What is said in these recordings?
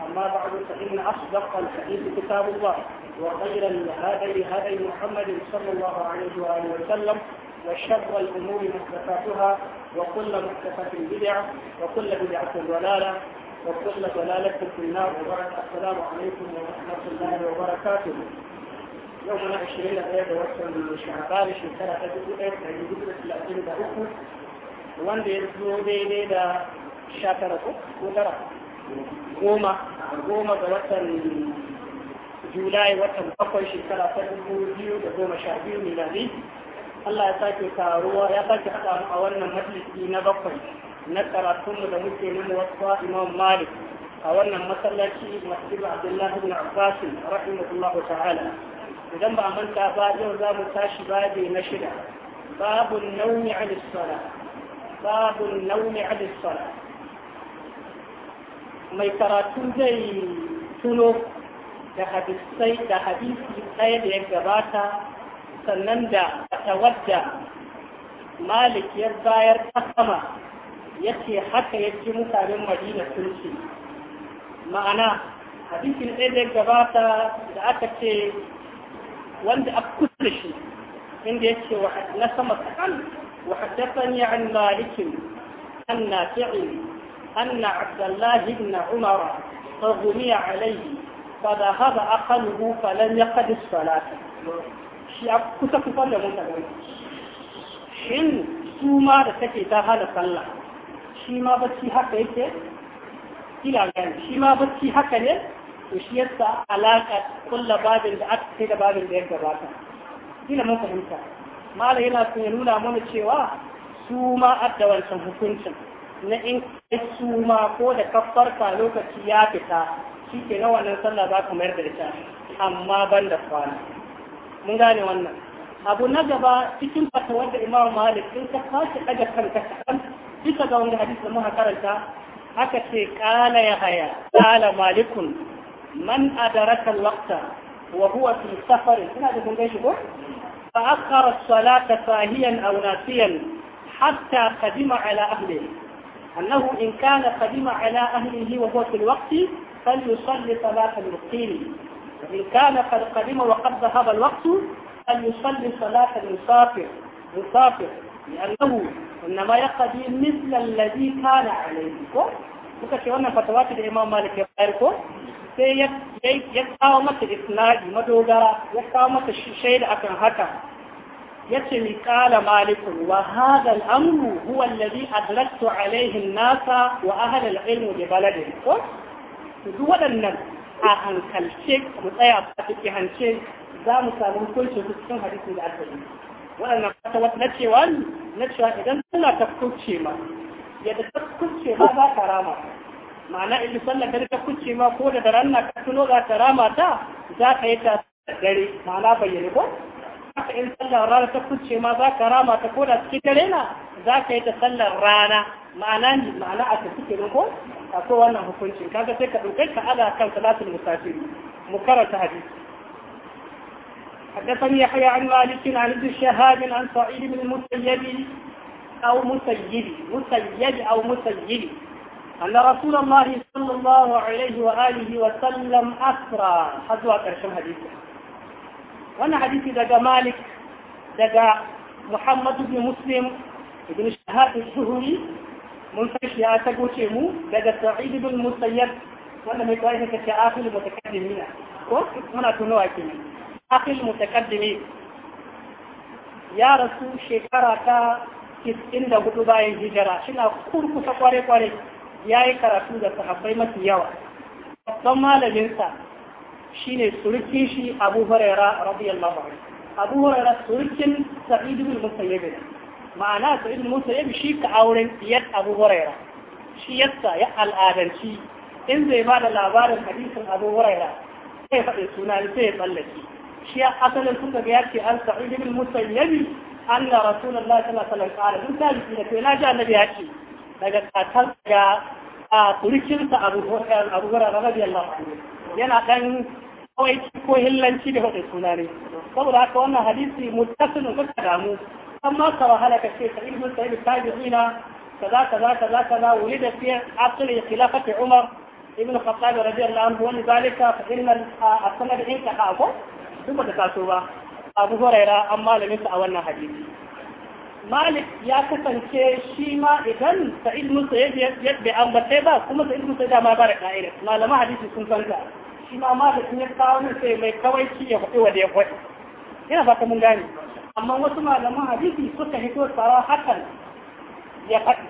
أما بعد فإن أصدق الحديث كتاب الله وخير الهدي هدي محمد صلى الله عليه وآله وسلم وشر الأمور محدثاتها وكل محدثة بدعة وكل بدعة ضلالة وكل ضلالة في النار وبركة السلام عليكم ورحمة الله وبركاته يومنا 20 غير وصل من شعبان شهر تجد ايه تجد ايه تجد ايه wanda ya zo daidai da sha tara goma goma ga watan julai watan bakwai shekara ta dubu biyu da goma sha biyu miladi Allah ya sake taruwa ya sake haɗa mu a wannan majalisi na bakwai na karatunmu da muke nuna wasu imam malik a wannan masallaci masjidu abdullahi ibn abbas rahimahullahu ta'ala idan ba manta ba yau za mu tashi babi na shida babu naumi alis sala babu naumi alis sala mai karatu zai tuno da hadisai da hadisi ɗaya da ya gabata sannan da tawadda malik ya bayar ta sama ya ce haka ya ce mutanen madina sun ce ma'ana hadisin ɗaya da ya gabata da aka ce wanda a kusa shi inda ya ce na sama kan wa haddasa ni an malikin an nafi'in أن عبد الله بن عمر فغمي عليه فذهب أخله فلم يقد الصلاة شيء كنت كفر لمن shin su ma da take ta hana sallah shi ma bacci haka yake ila gani shi ma bacci haka ne to shi yasa alaka kulla babin da aka kai da babin da ya gabata ila mun fahimta mala yana so ya nuna mana cewa su ma adda wancan hukuncin na in suma ko da kafarka lokaci ya fita shi ke na wannan sallah za ka mayar da ita amma ban da kwana mun gane wannan abu na gaba cikin fatawar da imam malik in ka kashi daga kanka kaɗan bisa ga wanda hadisi muka karanta haka ce kala ya haya kala malikun man adaraka alwaqta wa huwa fi safar ina da kun gaishe ko fa akhara as-salata sahiyan aw nasiyan hatta qadima ala ahlihi أنه إن كان قدم على أهله وهو في الوقت فليصلي صلاة المقيم وإن كان قد قدم وقد ذهب الوقت فليصلي صلاة المسافر مسافر لأنه إنما يقضي مثل الذي كان عليه kuka ce wannan fatawa ce da Imam Malik ya bayar ko sai ya yace mi qala malik wa hadha amru huwa alladhi adraktu alayhi an-nasa wa ahla al-ilm bi baladin ko duk waɗannan a hankalce mu tsaya a cikin hance za mu samu hukunci cikin hadisi da aka yi waɗannan fata wata na cewa na cewa idan tana ta kuce ma yadda ta kuce ma za ta rama ma'ana idan sallah ta ta kuce ma ko da daren na ka tuno za ka rama ta za ka yi ta dare ma'ana bayyana ko haka in sallar rana ta kuce ma za ka rama ta koda cikin dare na za ka yi ta sallar rana ma'ana ne ma'ana a tafi kenan ko akwai wannan hukuncin kaga sai ka ɗauke ka a kan salatul musafiri mu karanta hadisi حدثني يحيى عن مالك عن ابن شهاب عن سعيد بن المسيب أو مسيب مسيب أو مسيب أن رسول الله صلى الله عليه وآله وسلم أسرى حدوا أكرشم حديثه wannan hadisi daga malik daga muhammad ibn muslim ibn shahab zuhuri mun san shi ya tago ce mu daga sa'id ibn musayyab wanda mai tsari ka ce akhil mutakaddimina ko muna tunawa kenan akhil mutakaddimi ya rasu shekara ta 94 bayan hijira shina kurkusa kware kware yayi karatu da sahabbai mafi yawa babban malamin sa ne surkin shi Abu Hurairah radiyallahu anhu Abu Hurairah surkin Sa'id ibn Musayyib ma'ana Sa'id ibn Musayyib shi ka auren iyar Abu Hurairah shi yasa ya al'adanci in zai ba da labarin hadisin Abu Hurairah sai faɗi suna sai ya tsallake shi asalin sun daga yake an Sa'id ibn Musayyib anna Rasulullah sallallahu alaihi wasallam qala dun tabi da kai na ji annabi ya ce daga katar ga a turkinsa Abu Hurairah radiyallahu anhu yana dan kawai ko hillanci da faɗin suna ne saboda haka wannan hadisi muttasilin kuka damu amma ka wahala ka ce sa'id ta sa'id tabi'ina kaza kaza kaza kaza wulida fi asl khilafati umar ibn khattab radiyallahu anhu wani zalika fa inna asnad in ka ko duk da taso ba abu huraira an malamin sa a wannan hadisi malik ya kasance shi ma idan sa'id bin sa'id ya bi an ba sai ba kuma sa'id bin sa'id ma bara ka'ida malama hadisi sun san shi ma malamin ya kawo min sai mai kawai shi ya faɗi wanda ya faɗi ina fata mun gane amma wasu malaman hadisi suka hito tsara hakan ya faɗi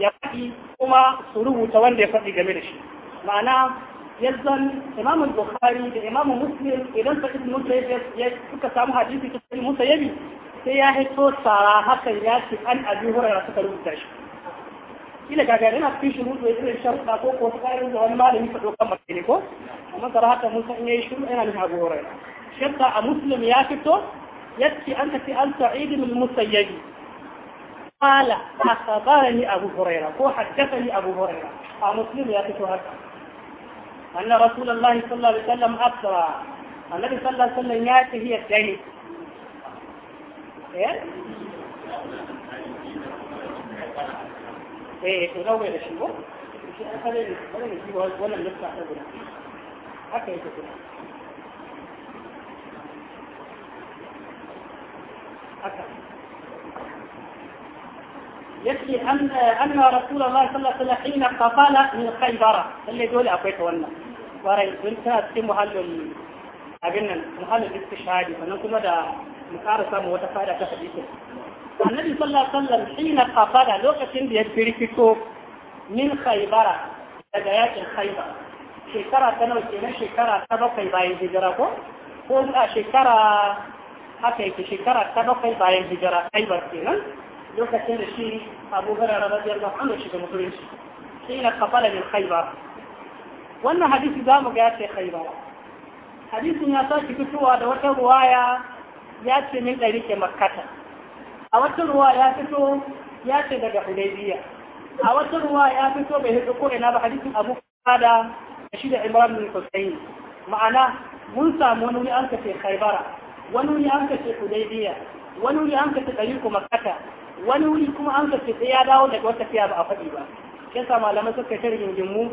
ya faɗi kuma su rubuta wanda ya faɗi game da shi ma'ana yanzan imamun bukhari da imamun muslim idan sa ibn musayyib ya suka samu hadisi ta ibn musayyib sai ya hito tsara hakan ya ce an abi hurara suka rubuta shi kila kaga yana cikin shuru da irin sharuɗa ko ko tsarin da wani malami ka dokan mace ne ko amma sarahata mun san yayi shuru yana nufin Abu Hurairah shakka a muslim ya fito yace an ka ce an sa'id min musayyib qala akhbarani Abu Hurairah ko haddathani Abu Hurairah a muslim ya fito haka anna rasulullahi sallallahu alaihi wasallam asra annabi sallallahu alaihi wasallam ya ce hiya dai eh ولو يشيبه ولا ولا نفتح يتكلم يكفي أن أن رسول الله صلى الله عليه وسلم حين قفل من خيبرة اللي دول أقويت ونا ورأي بنت أتم محل أجنن محل الاستشهاد فنقول هذا مقارسة متفادة تحديثه annabi sallallahu alaihi wasallam hina kafara lokacin da ya firfito min khaybara daga yakin khaybar shekara ta nawa kenan shekara ta bakwai bayan hijira ko ko a shekara haka yake shekara ta bakwai bayan hijira khaybar kenan lokacin da shi Abu Hurairah radiyallahu anhu shiga musulunci hina kafara min khaybar wannan hadisi za mu ga ya ce khaybar hadisin ya sake fitowa da wata ruwaya ya ce min ɗari ke makkata a wata ruwa ya fito ya ce daga hudaybiya a wata ruwa ya fito bai hito ko ina ba hadisin abu kada da shi da imran bin husayn ma'ana mun samu wani wuri an kace khaybara wani wuri an kace hudaybiya wani wuri an kace dariku makkata wani wuri kuma an kace sai ya dawo daga wata fiya ba a faɗi ba sa malamai suka ta rigingimu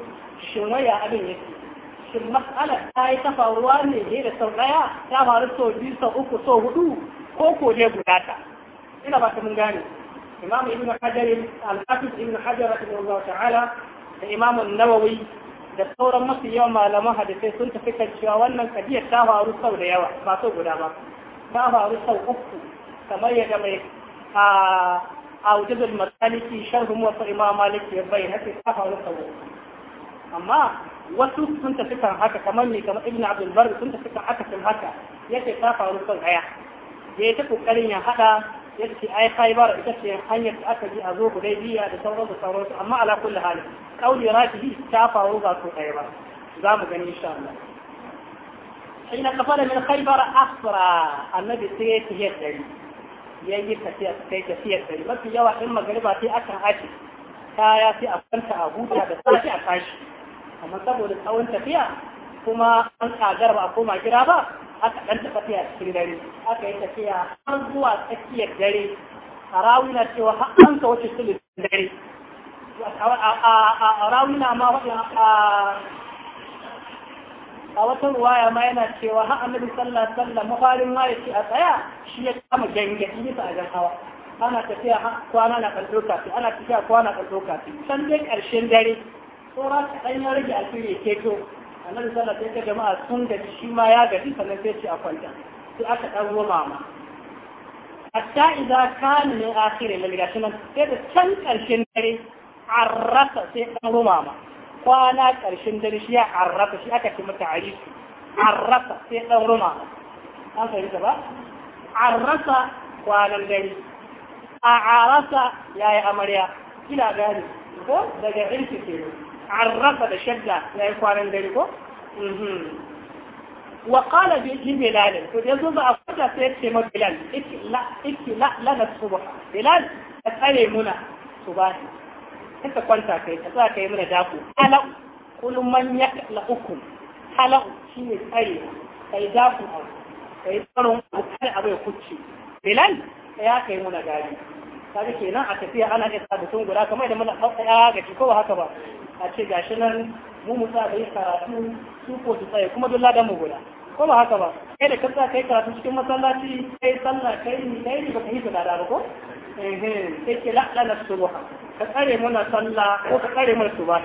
shin waya abin yake shin mas'ala ta yi ta faruwa ne da sau ɗaya ta faru sau biyu sau uku sau hudu ko ko ne gudata? ta إلى بعض المنجان إمام ابن حجر الحفظ ابن حجر رحمه الله تعالى الإمام النووي دستور مصر يوم لما حدثي سنت فكر شواوانا كدية تاوى رسو ليوى ما توقع داما تاوى رسو أفو كما يجمي أوجد المسالك شرح موصى إمام مالك يبين هكي تاوى رسو أما وسو سنت فكر حكا كما كما ابن عبد البر سنت فكر حكا كم حكا يتي تاوى رسو ليوى يتكو كلمة حكا yace ai khaybar ita ce hanyar da aka bi a zo hudaybiya da sauran da sauran su amma ala kulli hali kauli rafihi ta faru ba su kai ba za mu gani insha Allah na قفل من خيبر أسرى النبي سيئت هي الدليل yayi tafiya kai tafiyar gari mafi yawa in magariba sai akan aji kaya sai a kwanta a huta da sashi a kashi amma saboda tsawon tafiya kuma an kagar ba a koma gida ba aka ɗan taɓa tafiya cikin dare aka yi tafiya har zuwa tsakiyar dare a rawuna cewa har an ka wace sulhu dare a rawuna ma a wata ruwaya ma yana cewa har annabi sallallahu alaihi wasallam mafarin ma yace a tsaya shi ya kama gangaɗi bisa a hawa ana tafiya kwana na kan lokaci ana tafiya kwana kan lokaci san dai ƙarshen dare tsora ɗan ya rage alfiri ya keto annabi sallallahu alaihi wasallam jama'a sun gaji shi ma ya gaji sannan sai ce a kwanta sai aka dan roma ma hatta idza kana min akhir al gashinan sai da can karshen dare arrafa sai dan roma ma kwana karshen dare shi ya arrafa shi aka ci mata arisu arrafa sai dan roma ma an fahimta ba arrafa kwanan dare a arasa yayi amarya kina gani ko daga irki kenan arrafa da shadda ya yi kwanan dare ko mhm. wa qala bi bilal to yanzu ba a fada sai ce ma bilal ikla ikla lana subha bilal ka tsare muna subhani kaka kwanta kai ka tsaya kai muna dako halau kullum man yakla ukum halau shine tsare kai dako kai tsaron abu kai abu ya kucce bilal ya kai muna gari kaga kenan a tafiya ana iya sabatun guda kamar da muna tsaya ga ko ba haka ba a ce gashi nan mu mu sa yi karatu su ko su tsaye kuma duk ladan mu guda ko ba haka ba kai da kanka kai karatu cikin masallaci kai sallah kai ni kai ni baka yi dada ba ko eh sai ke la'ala na subha ka tsare muna sallah ko ka tsare muna subha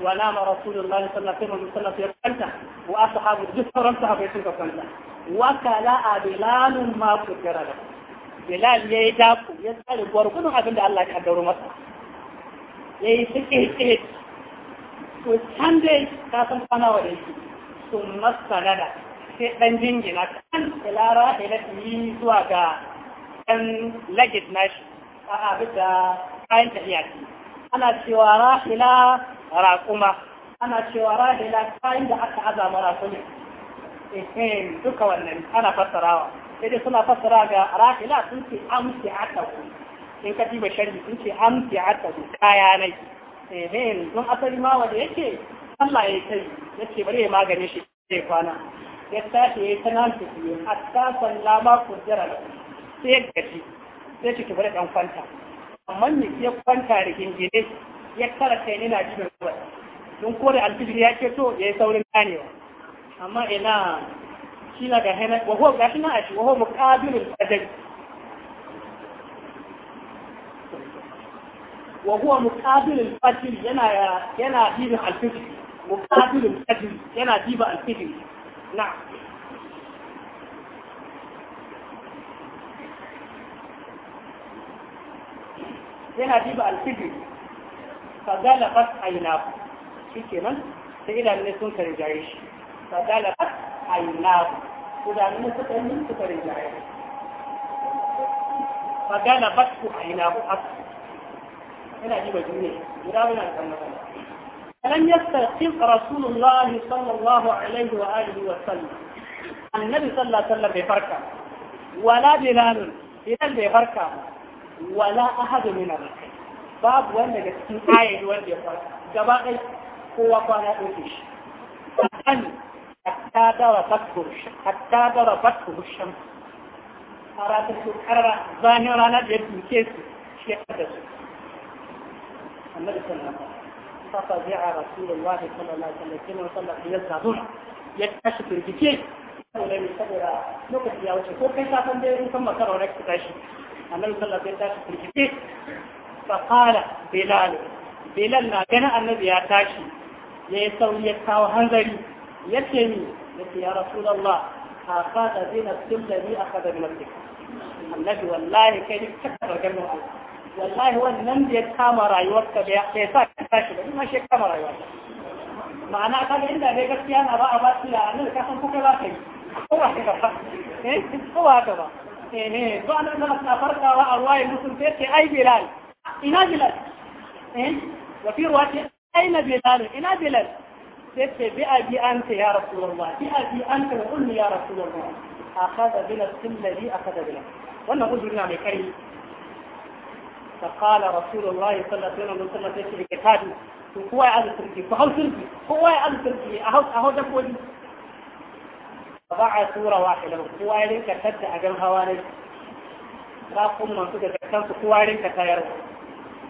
ونام رسول الله صلى الله عليه وسلم sahabai sun ka kanta wa kala وكلا ma ما قدر له bilal ya yi taku ya kuwar kudin abin da Allah ya kaddaro masa ya yi ce, to can dai ka san kwana wa da shi sun masarada sai ɗan jingina kan ilara yi zuwa ga ɗan lagid nashi a abin da kayan tafiya ana cewa rahila raƙuma ana cewa rahila kayan da aka azama raƙumi duka wannan ana fassarawa sai dai suna fassara ga rakila sun ce amsi atahu in ka diba sharhi sun ce amsi atahu kaya nai eh don asali ma wanda yake Allah ya kai ya ce bari ya maganin shi sai kwana ya tashi yayi tanan su yi hatta sallama kujara sai ya gaji sai ciki bari dan kwanta amma ne ya kwanta da gingine ya kara kai ne na cikin ruwa don kore alfijir ya ce to yi saurin ganewa amma ina كيلا جهنا وهو جهنا أشي وهو مقابل الأجل وهو مقابل الفجر ينا ينا ديب الفجر مقابل الفجر ينا ديب الفجر نعم ينا ديب الفجر فقال قد عيناه شو كمان سئل النسون ترجعيش فقال قد عيناه kudanun suka yi suka rinjaye magana ba su a ina ku haka yana ji ba duniya guda wani kan magana ya yastaqim rasulullahi sallallahu alaihi wa alihi wa sallam annabi sallallahu alaihi wasallam bai farka wala bilalun idan bai farka wala ahadu min al babu wanda daga cikin ayyuka wanda ya farka gaba ɗaya kowa kwana ɗauke shi hatta darafatku hatta darafatku shams arata su karra zahin rana da ya duke su shi ya da su annabi sallallahu alaihi wasallam fa fa'a rasulullahi sallallahu alaihi wasallam ya zazo ya tashi firgice saboda ne saboda lokaci ya wuce ko kai safan da ya san makara wani ki tashi annabi sallallahu alaihi wasallam ya tashi firgice fa qala bilal na ganin tashi ya sauri ya kawo hanzari يبتهي يبتهي يا رسول الله أخذ بنا بنفس الذي أخذ بنفسك النبي والله كان يكتب جنه الله والله هو النبي يتكام رأيوتك بيحسيسك فاشبه ما شيء كام رأيوتك معنى قال إن أبيك السيانة بقى بس لا أنا لك أخذ كوكي باقي هو هكذا هو هكذا إيه فأنا إيه، إيه. لما سافرت الله المسلم فيك أي بلال إنا بلال إيه، وفي رواية أين بلال إنا بلال yace bi abi anta ya rasulullah bi abi anta wa qul ya rasulullah akhadha bi nafsi alladhi akhadha bi wannan uzuri na mai kari fa qala rasulullah sallallahu alaihi wasallam yace bi kitabi to kuwa ya azu turki fa hau turki kuwa ya azu turki a hau a hau da kodi ba a tura kuwa ya rinka tatta a gan hawa ne ba kuma su daga kansu kuwa ya rinka tayarwa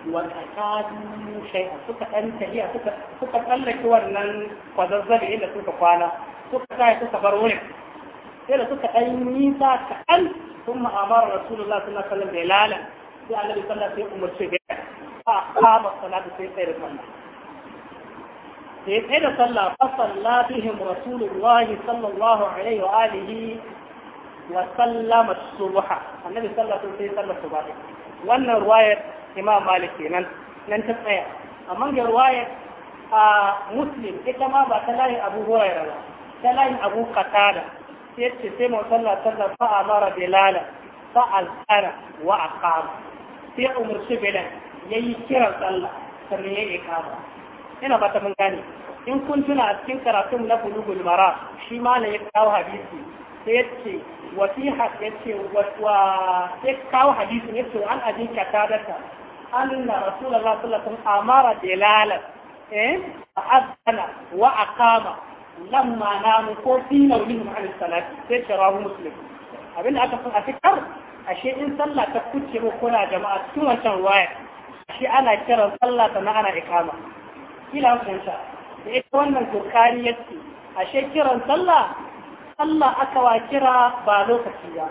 wal'akadu shai a suka ɗan tafiya suka tsallake wannan kwazazzabi inda suka kwana suka sa suka bar wurin sai da suka ɗan nisa ta ɗan sun ma'amara rasulullah suna kallon da lala sai annabi sallah sai umarci da ya a kama salatu sai tsaye da sallah sai tsaye da sallah fa sallatihim rasulullah sallallahu alaihi wa alihi wa sallama subha annabi sallah sai sallah subha wannan ruwayar imam malik kenan nan ta tsaya amma ga ruwayar a muslim ita ma ba ta layin abu hurairah ba ta layin abu qatada sai ce sai mu sallah sallah fa amara bilala fa alqara wa aqam sai shi bilal yayi kiran sallah sannan yayi iqama ina ba ta mun gane in kun tuna a cikin karatun na bulugul mara shi ma ne ya kawo hadisi sai ya ce wasiha ya ce wa sai kawo hadisi ya ce an ajiye katadarta. أن رسول الله صلى الله عليه وسلم أمر بلالا فأذن وأقام لما ناموا كوفين منهم عن الصلاة تشراه مسلم abin da aka fi a fikar ashe in sallah ta kuce ko kuna jama'a cikin wancan waya ashe ana kiran sallah sannan ana ikama kila fahimta da ita wannan kokari yace ashe kiran sallah sallah aka wa kira ba lokaci ba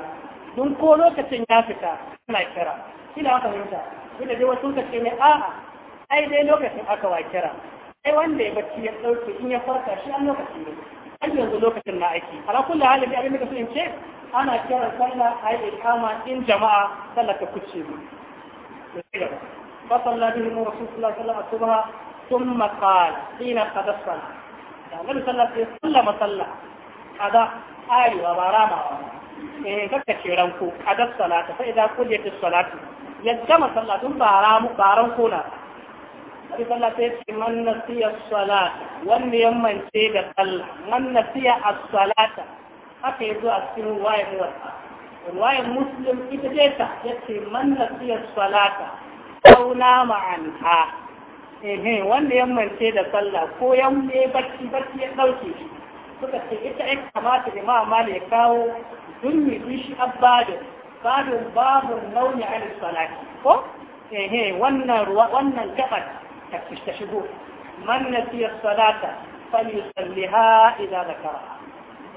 ko lokacin ya fita kira fahimta kuna ji wasu ka ce mai a ai dai lokacin aka wa kira ai wanda ya bacci ya dauke in ya farka shi an lokacin ne an yanzu lokacin na aiki ala kulli hali bi abin da su in ce ana kira sallah ai ikama in jama'a sallah ta kuce mu fa sallallahu alaihi wa sallam sallallahu alaihi wa sallam thumma qala ina qad sallam dan da sallah ya sallama sallah kada ayi wa barama eh kaka ce ranku qad sallata fa idza qudiyatis salatu ya gama sallah tun baran kona Nabi sallah sai ce man nasiya salat wanda ya mance da sallah man nasiya as-salata haka yazo a cikin ruwaya ne wata ruwaya muslim ita ce ta yace man nasiya salata kauna ma'anha eh wanda ya mance da sallah ko ya ne bacci bacci ya dauke shi suka ce ita ya kamata ma Malik ya kawo zulmi shi abadin babin babin launi an salati ko ehe wannan ruwa wannan gabar ta ta shigo man nasiya salata falyusalliha idza zakara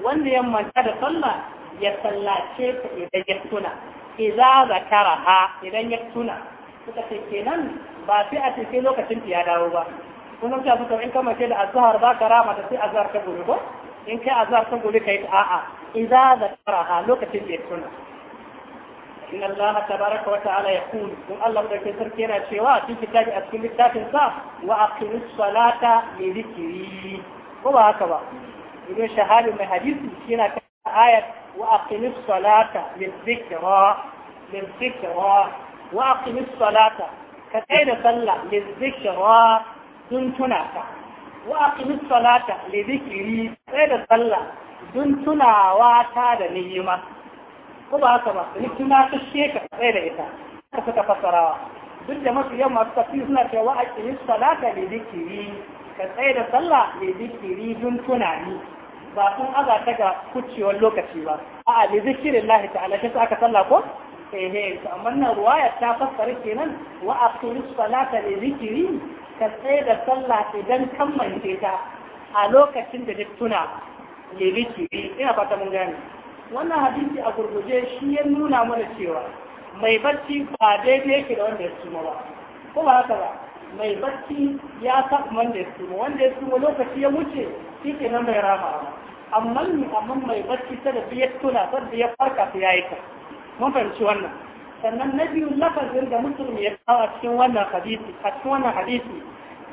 wanda ya manta da sallah ya sallace ta idan ya tuna idza ha idan ya tuna suka ce kenan ba sai a cikin lokacin ya dawo ba kuma ta suka in kama ce da azhar ba karama ta sai azhar ta gobe ko in kai azhar ta gobe kai a'a idza ha lokacin da ya tuna إن الله تبارك وتعالى يقول إن الله بدك تركينا شواء في كتاب أسكن التاتن صح وأقم الصلاة لذكري وما هكذا إذن شهاد من حديث كنا آية وأقم الصلاة للذكرى للذكرى وأقم الصلاة كتين صلى للذكرى دون تناك وأقم الصلاة لذكري كتين صلى دون تناواتا دنيما ko ba haka ba ni tuna ta sheka tsaye da ita ka suka fasarawa duk da masu yamma suka fi suna cewa a kiris salata ne zikiri ka tsaye da sallah ne zikiri dun tunani ba sun aza ta ga kucewar lokaci ba a'a ne zikirin lahi ta'ala kisa aka sallah ko ehe amma nan ruwaya ta fassara kenan wa aqimis salata li dikiri ka tsaye da sallah idan kammance ta a lokacin da duk tuna li dikiri ina fata mun gane wannan hadisi a gurguje shi ya nuna mana cewa mai bacci ba daidai yake da wanda ya suma ba ko ba haka ba mai bacci ya sa wanda ya suma wanda ya suma lokaci ya wuce shi ke nan bai rama ba amma ni amma mai bacci ta da ya tuna sai ya farka sai ya yi ka mun fahimci wannan sannan na biyu lafazin da musulmi ya kawo a cikin wannan hadisi a cikin wannan hadisi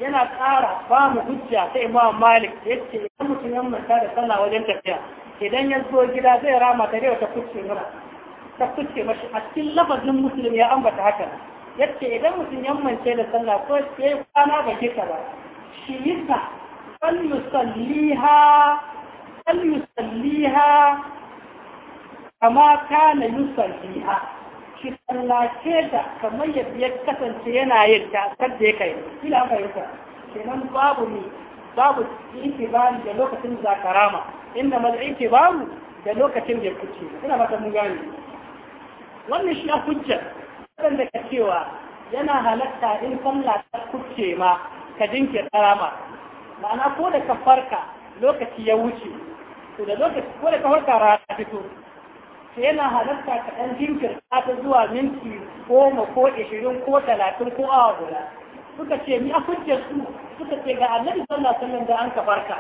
yana ƙara ba mu hujja ta imam malik yake ya mutum 'yan mata da sallah wajen tafiya idan ya zo gida zai rama ta rewa ta kucce mana ta kucce mashi a cikin lafazin musulmi ya ambata haka yace idan mutum ya mance da sallah ko ya yi kwana ba kika ba shi yi ta falyusalliha falyusalliha kama kana yusalliha shi sallace da kamar yadda ya kasance yana yin ta sadda ya kai kila an fahimta kenan babu ne babu itibari da lokacin zakarama inna mal itibaru da lokacin da kuce ina ta mun gane wannan shi a hujja dan da cewa yana halatta in sallah ta kuce ma ka jinke karama ma'ana ko da ka farka lokaci ya wuce to da lokaci ko da ka farka rana fito sai yana halatta ka dan jinkirta ta zuwa minti 10 ko ishirin ko talatin ko awa guda suka ce ni a hujjar su suka ce ga annabi sallallahu alaihi wasallam da an ka farka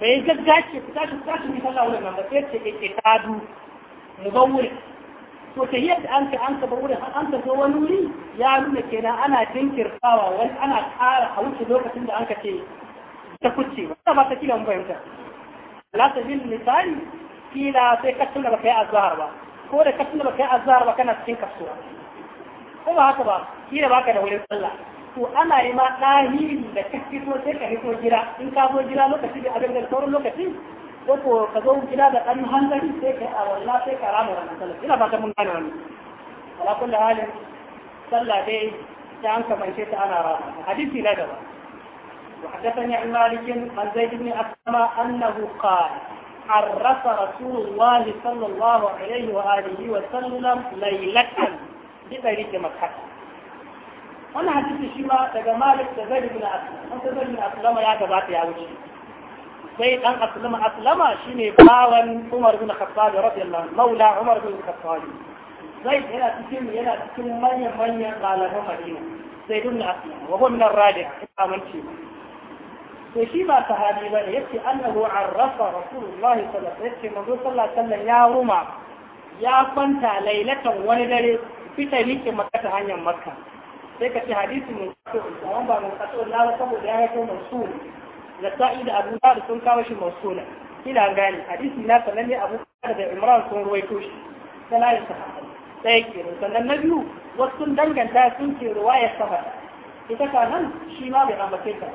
bai gaggace ku tashi ku tashi ni sallallahu alaihi wasallam sai ce ke tadu mubawwir to ta yadda an ka an ka bawwir an ka zo wani wuri ya nuna kenan ana jinkirtawa wani ana ƙara a wuce lokacin da an ka ce ta kuce ba ba ta kila mun fahimta la ta bin misali kila sai kasin da baka yi azhar ba ko da kasin da baka yi azhar ba kana cikin kasuwa ko ba haka ba kila baka da wurin sallah to ana yi ma ɗahiri da ka fito sai ka fito gida in ka zo gida lokaci da abin da sauran lokaci ko ko ka zo gida da ɗan hankali sai ka a walla sai ka rama wannan sallah ina fata mun gane wannan ala kulli halin sallah dai ta an kamance ta ana rama hadisi na gaba وحدثني عن مالك عن زيد بن أسلم أنه قال عرف رسول الله صلى الله عليه وآله وسلم ليلة بطريق مكة wannan hadisi shi ma daga malik da zai bin aslama sai zai bin aslama ya gabata ya wuce sai dan aslama aslama shine bawan umar bin khattab radiyallahu maula umar bin khattab zai yana cikin yana cikin manyan manyan malaman madina zai bin aslama wa huwa min ar-rabi'a amince to shi ba sahabi ba ne yace annahu arrafa rasulullahi sallallahu alaihi wasallam yace manzo sallallahu alaihi wasallam ya ruma ya kwanta lailatan wani dare fita yake makka hanyar makka sai ce hadisi mun kaso amma ba mun kaso na ba saboda ya yi ko da sa'i da abu da sun kawo shi mansula ina gane hadisi na sanan ne abu da imran sun ruwaito shi sana ya sahaba sai ke sannan na biyu wasu danganta sun ce ruwayar sahaba ita ka nan shi ma bai ambace ta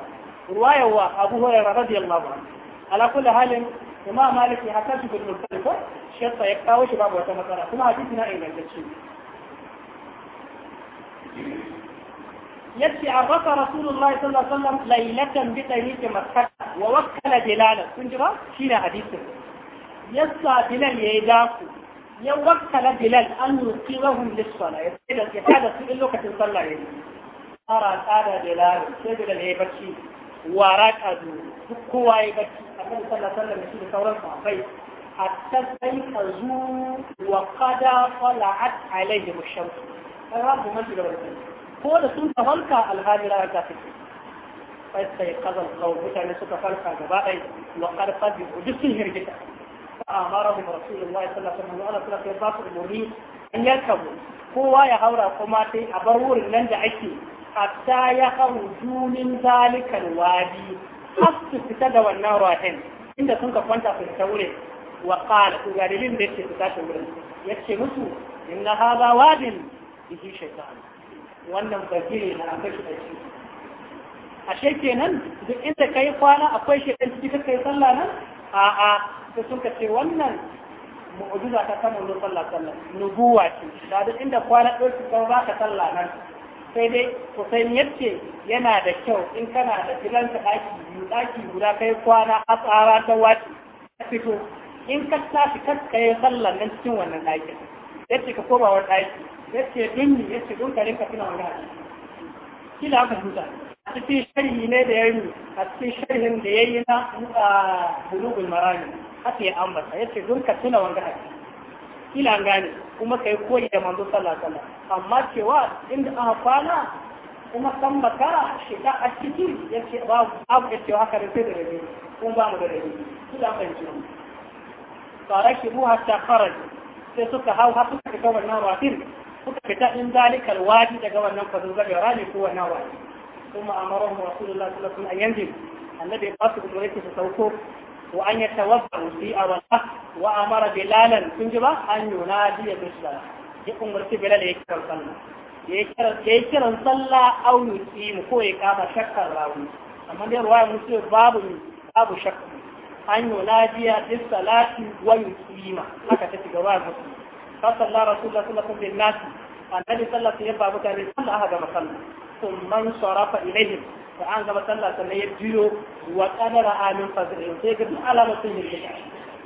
ruwayar wa abu hurairah radiyallahu anhu ala kulli halin imam malik ya hakan shi bin mutalfa shi ya kawo shi babu wata matsala kuma hadisi na ingantacce Thank you. yace arrafa rasulullahi sallallahu alaihi wasallam laylatan bi tariqi makkah wa wakkala bilal kun ji ba shine hadisin yassa bilal yayi daku ya wakkala bilal an yuqirahum lis-salah yadda da kada su in lokacin sallah yayi fara tsada bilal sai bilal yayi barci wa raqadu duk kowa yayi barci annabi sallallahu alaihi wasallam shi da sauran sahabbai hatta sai kazu wa qada tala'at alaihi ash-shams rabu man da barci ko da sun ka falka alhali rana ta fito sai sai kazan kawo mutane suka falka gaba ɗaya wa karfa bi duk sun hirgita فأمرهم رسول الله صلى الله عليه وسلم وأنا كنا في الباص المريد أن يركبوا هو يهورا قماتي أبور لن دعكي حتى يخرجوا من ذلك الوادي حتى فتدوا النار واحد عند سنك فانتا في التوري وقال أغارلين بيتي فتاش المريد يكشي مسو إن هذا واد به شيطان wannan fasiri na akwai shi a ciki ashe kenan duk inda kai kwana akwai shi a ciki kai sallah nan a a ta sun ka ce wannan za ta kan wannan sallah sallah nubuwa ce da duk inda kwana ɗauki kan ba ka sallah nan sai dai ku san yace yana da kyau in kana da filan ka ɗaki biyu ɗaki guda kai kwana a tsara ta wace. Ka fito in ka tafi kakkaye sallah nan cikin wannan ɗakin yace ka koma wani ɗaki yace dinni yace don kare ka tuna wannan hadisi kila aka huta a cikin sharhi ne da yayi a cikin sharhin da yayi na bulugul marami haka ya ambata yace don ka tuna wannan hadisi kila gane kuma kai koyi da manzo sallallahu alaihi wasallam amma cewa inda aka kwana kuma san makara shiga a ciki yace babu abu yace haka da sai da rabi kuma ba mu da rabi kila yi mu farashi ruha ta kharaji sai suka hau har suka kawo wannan rafin suka fita in zalikal wadi daga wannan kwazo zabe rani ko wannan wadi kuma amarahum rasulullahi sallallahu alaihi wasallam an yanzu annabi ya basu kudure su sauko wa an yatawaffa fi awal wa amara bilalan kun ji ba an yunadi ya bisala ya umarci bilal ya kira sallah ya kira sallah au yuqimu ko ya kama shakkar rawi amma dai ruwaya musu babu babu shakka an yunadi ya bisalati wa yuqima haka ta shiga ruwaya musu قال الله رسول الله صلى الله عليه وسلم بالناس النبي صلى الله عليه وسلم يبقى مكان صلى هذا مصلى ثم انصرف اليهم فعن كما صلى صلى يجيو وقد راى من فضلهم سيجد على مسلم البدع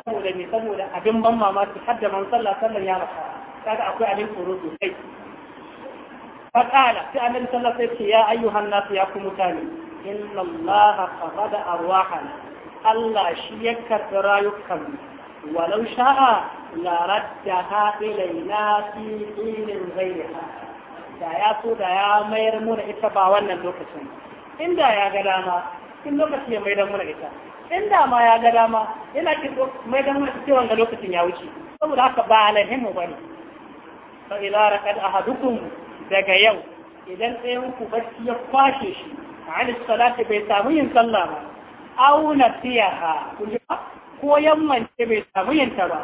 saboda me saboda abin ban mamaki har da man sallah يا ya الله kaga akwai abin tsoro sosai فقال في أمر سلسلت يا أيها الناس يا كمتاني إن الله قبض أرواحنا الله شيك رايكم ولو شاء لردها إلينا في حين غيرها da ya so da ya mayar muna ita ba wannan lokacin inda ya ga dama in lokaci ya mayar muna ita inda ma ya ga dama yana ki mai da muna cewa ga lokacin ya wuce saboda haka ba alaihin mu bane fa ila raqad ahadukum daga yau idan ɗayan ku bacci ya kwashe shi an salati bai samu yin sallah ba auna tiyaha kun ji ko yammance bai samu yinta ba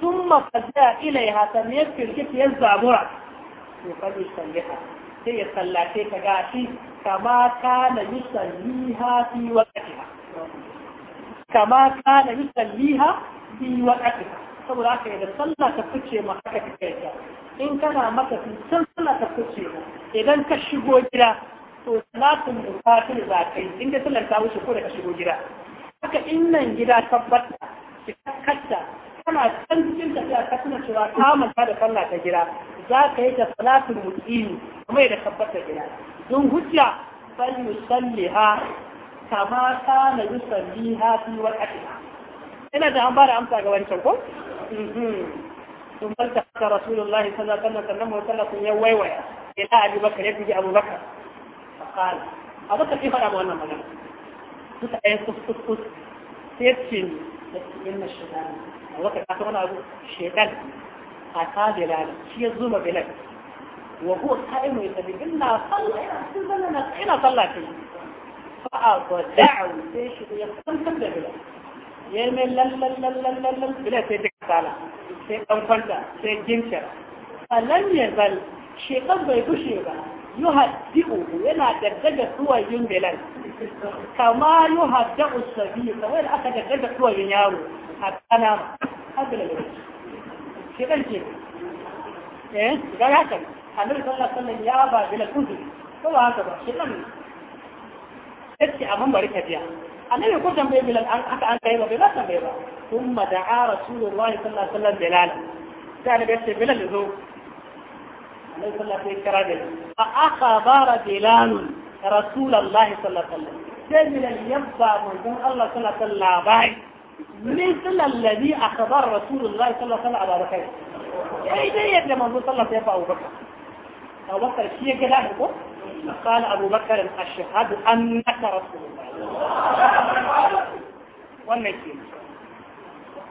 sun mafaza ilai hasan ya firgita ya zabura to fadi salliha sai ya sallace ka gashi kama kana yusalliha fi waqtiha kama kana yusalliha fi waqtiha saboda yi da sallah ta fice ma haka kake ta in kana maka san sallah ta fice ma idan ka shigo gida to salatul mufatil zakai inda sallar ta wuce ko da ka shigo gida haka innan gida tabbata kakkata kana san cikin tafiya ka tuna cewa ka manta da sallah ta gida za ka yi ta salatul muqimi kuma ya tabbata gida don hujja fal yusalliha kama kana yusalliha fi waqtiha ina da an ba da amsa ga wancan ko ثم التفت رسول الله صلى الله عليه waiwaya وسلم يويوي إلى أبي بكر يبدي أبو بكر فقال أبو بكر كيف wannan مؤمن suka ɗaya kuskus sai ce ni da su yin na a wata kasa wani abu shaidan a ta bilal shi ya zuma bilal wa huwa qa'imu mai illa ina sallah na ina sallah ce ba da'a sai shi ya kwantar da bilal ya mai lallan bai ba yuhaddi'u yana daddaga suwayin bilal kama yuhadda'u kama yana aka daddaga suwayin yaro a kanama haka da gari shi ɗan ce eh ga haka annabi sallallahu Sallar ya ba bilal kudu ko ba haka ba shi ɗan yace amma bari ka biya a nan tambaye bilal an haka an kai ba bilal tambaye ba thumma da'a rasulullahi sallallahu alaihi wasallam bilal sai annabi ya ce da zo ليس الله في وسلم فأخذ رجلان رسول الله صلى الله عليه وسلم سمل يبقى من الله صلى الله عليه وسلم مثل الذي أخبر رسول الله صلى الله عليه وسلم على بكر أي ديت لما نقول صلى الله عليه وسلم أبو بكر أبو بكر شيء كده قال أبو بكر أشهد أنك رسول الله والنجيم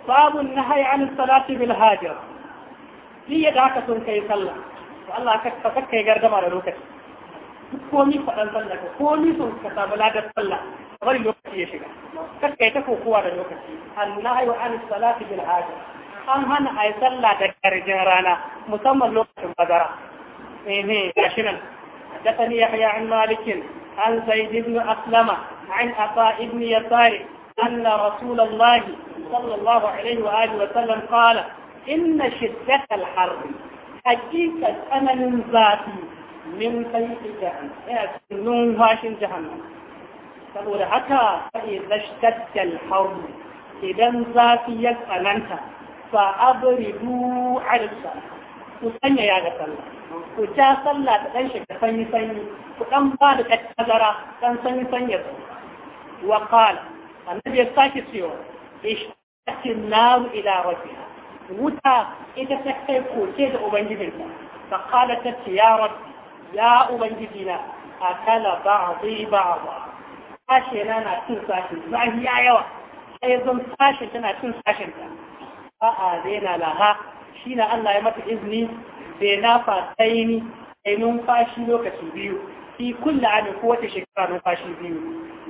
باب النهي عن الصلاة بالهاجر هي ذاك كي صلى to Allah ka ka kai gardama da lokaci duk komi faɗan sallah ka komi sun ka samu ladar sallah kamar lokaci ya shiga kar ta kokowa da lokaci annahi wa an salati bil hajj an hana ai sallah da karjin rana musamman lokacin bazara eh eh gashi nan حدثني يحيى عن مالك عن زيد بن أسلم عن عطاء بن يسار أن رسول الله صلى الله عليه وآله وسلم قال إن شدة الحرب Haƙiƙa tsananin zafi min baiti jahannam yana cikin numfashin jahannam saboda haka sai zashtadda al idan zafi ya tsananta fa abridu alsa ku sanya ya ga sallah ku ja sallah da ɗan shiga sanyi sanyi ku ɗan ba da tazara ɗan sanyi sanyi wa qala annabi ya sake cewa ishtakin nar ila rabbiha wuta ita ta kai koke da ubangijinta ta qala ta ya rabbi ya ubangijina ba a ba. sashe na na cin sashe zahi ya yawa sai zan sashe tana cin sashen ta fa azina laha shi na Allah ya mata izini sai na ni, sai numfashi lokaci biyu fi kulle amin ko wata shekara numfashi biyu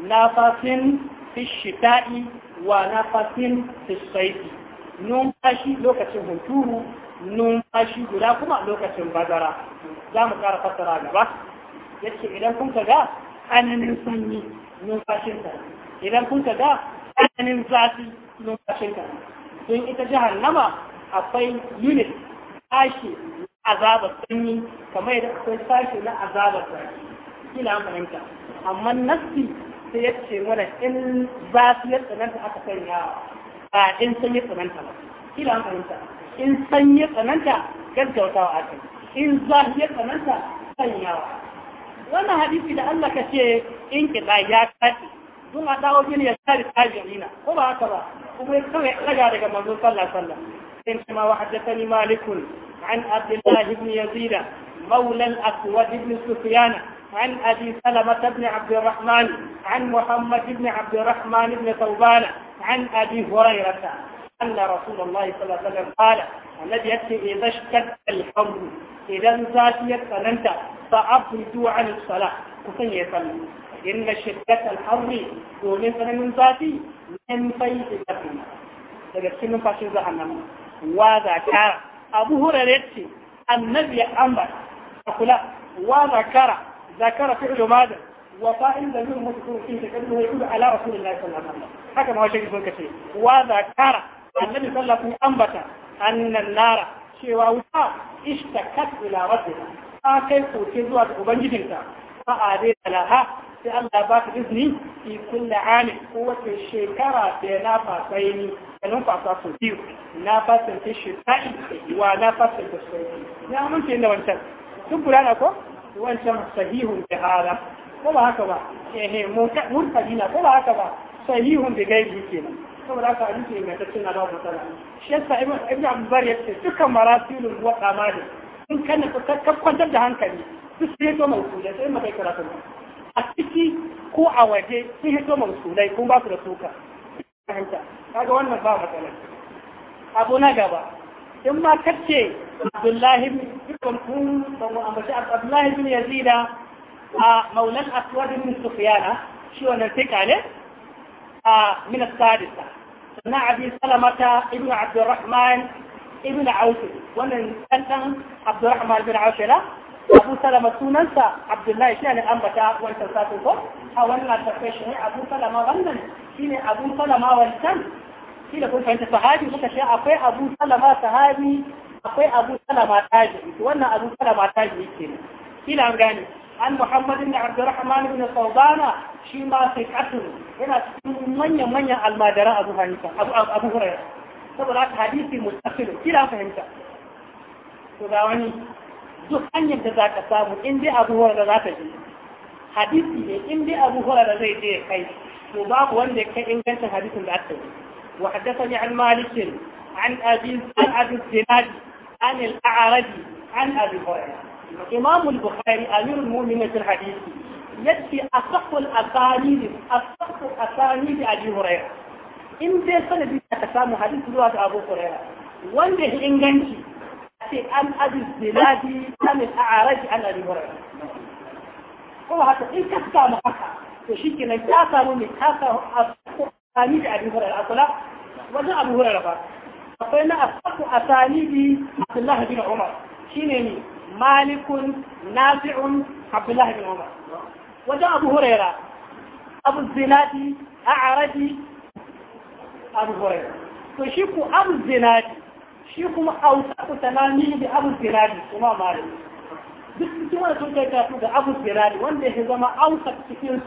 nafasin fi shita'i wa nafasin fi saifi numfashi lokacin hunturu numfashi guda kuma lokacin bazara za mu ƙara fassara gaba ce idan kun ga tsananin sanyi numfashinka idan kun ga tsananin zafi numfashinka don ita jahannama akwai unit tashi azabar sanyi kamar yadda akwai tashi na azabar zafi kila fahimta amma nassi sai ce mana in zafi ya tsananta aka sanya ba in sun yi tsananta ba kila fahimta in san yi tsananta gaggautawa in zafi ya tsananta sanyawa wannan hadisi da Allah ka ce in kiɗa ya kaɗi sun a dawo gini ya kare tajin ina ko ba haka ba kuma ya kawai ɗaga daga manzon sallah sallah sai kuma wa haddathani malikun an abdullah ibn yazid مولى الأسود بن سفيان عن أبي سلمة بن عبد الرحمن عن محمد بن عبد الرحمن بن ثوبان عن أبي هريرة أن رسول الله صلى الله عليه وسلم قال الذي يأتي إذا اشتد الحر إذا انزاتي فننت فأبردوا عن الصلاة كفن يصلي إن شدة الحر ومن فنن ذاتي من فيد الأبن daga cikin numfashin zahannan wa zakara abu hurare ce annabi ya ambata a kula wa zakara zakara fi'lu madar وفاء ضمير مذكور في تقدمه يقول على رسول الله صلى الله عليه وسلم حكم هو شيء كثير وذكر النبي صلى الله عليه وسلم أنبت أن النار شيوا وتا اشتكت إلى ربها أكيد تزوى أبنجدك فأعدت لها sai Allah ba ta izini fi kulle amin kowace shekara da na fasa yi da numfasa su biyu na fasanta sheka'i wa na fasanta sahihi na amince da wancan sun gudana ko wancan ko ba haka ba ehe murtali na ko ba haka ba sahihun bi gaibi kenan saboda haka hadisi ingantaccen na babu matsala shi yasa ibn abdulbar ya ce dukkan marasilul wa amali in kana ka kwantar da hankali duk sai hito mausulai sai makai karatu a ciki ko a waje sun hito mausulai kun ba su da suka fahimta kaga wannan ba matsala abu na gaba in ma kace abdullahi ibn kun ban ambaci abdullahi ibn yazida a maulan aswad min sufyana shi wannan fika ne a min sadisa sannan salamata ibn abdurrahman ibn wannan abdurrahman ibn abu salama sunansa abdullahi shi ne an wancan sato ko a wannan tafai shi ne abu salama wannan shi ne abu salama wancan shi da fahimta sahabi muka ce akwai abu salama sahabi akwai abu salama taji wannan abu salama taji yake ne an muhammad ibn abdurrahman ibn saubana shi ma sai kasin yana cikin manyan manyan almadaran abu hanifa abu hurairah saboda haka hadisi mutasil kira fahimta to ga wani duk hanyar da za ka samu in dai abu hurairah za ta je hadisi ne in dai abu hurairah zai je kai to babu wanda ya kai ingancin hadisin da aka yi wa haddathani an malik an abi an abi zinad an al-a'raj an abi hurairah إمام البخاري أمير المؤمنين في الحديث يأتي أصح الأسانيد أصح أسانيد أبي هريرة in dai sanadi aka samu hadisi zuwa ga Abu Hurairah wanda shi inganci sai an abi biladi an al-a'raj an Abi Hurairah kuma haka in ka samu haka to shikenan ta samu ne ta samu asani da Abi Hurairah asala wajen Abu ba akwai na Umar shine malikun nafi'un abdullahi bin umar wajen abu huraira abu zinadi a arabi abu huraira to shi ku abu zinadi shi kuma ausaku talami da abu zinadi kuma duk cikin wani sun kai kasu da abu zinadi wanda ya zama ausak cikin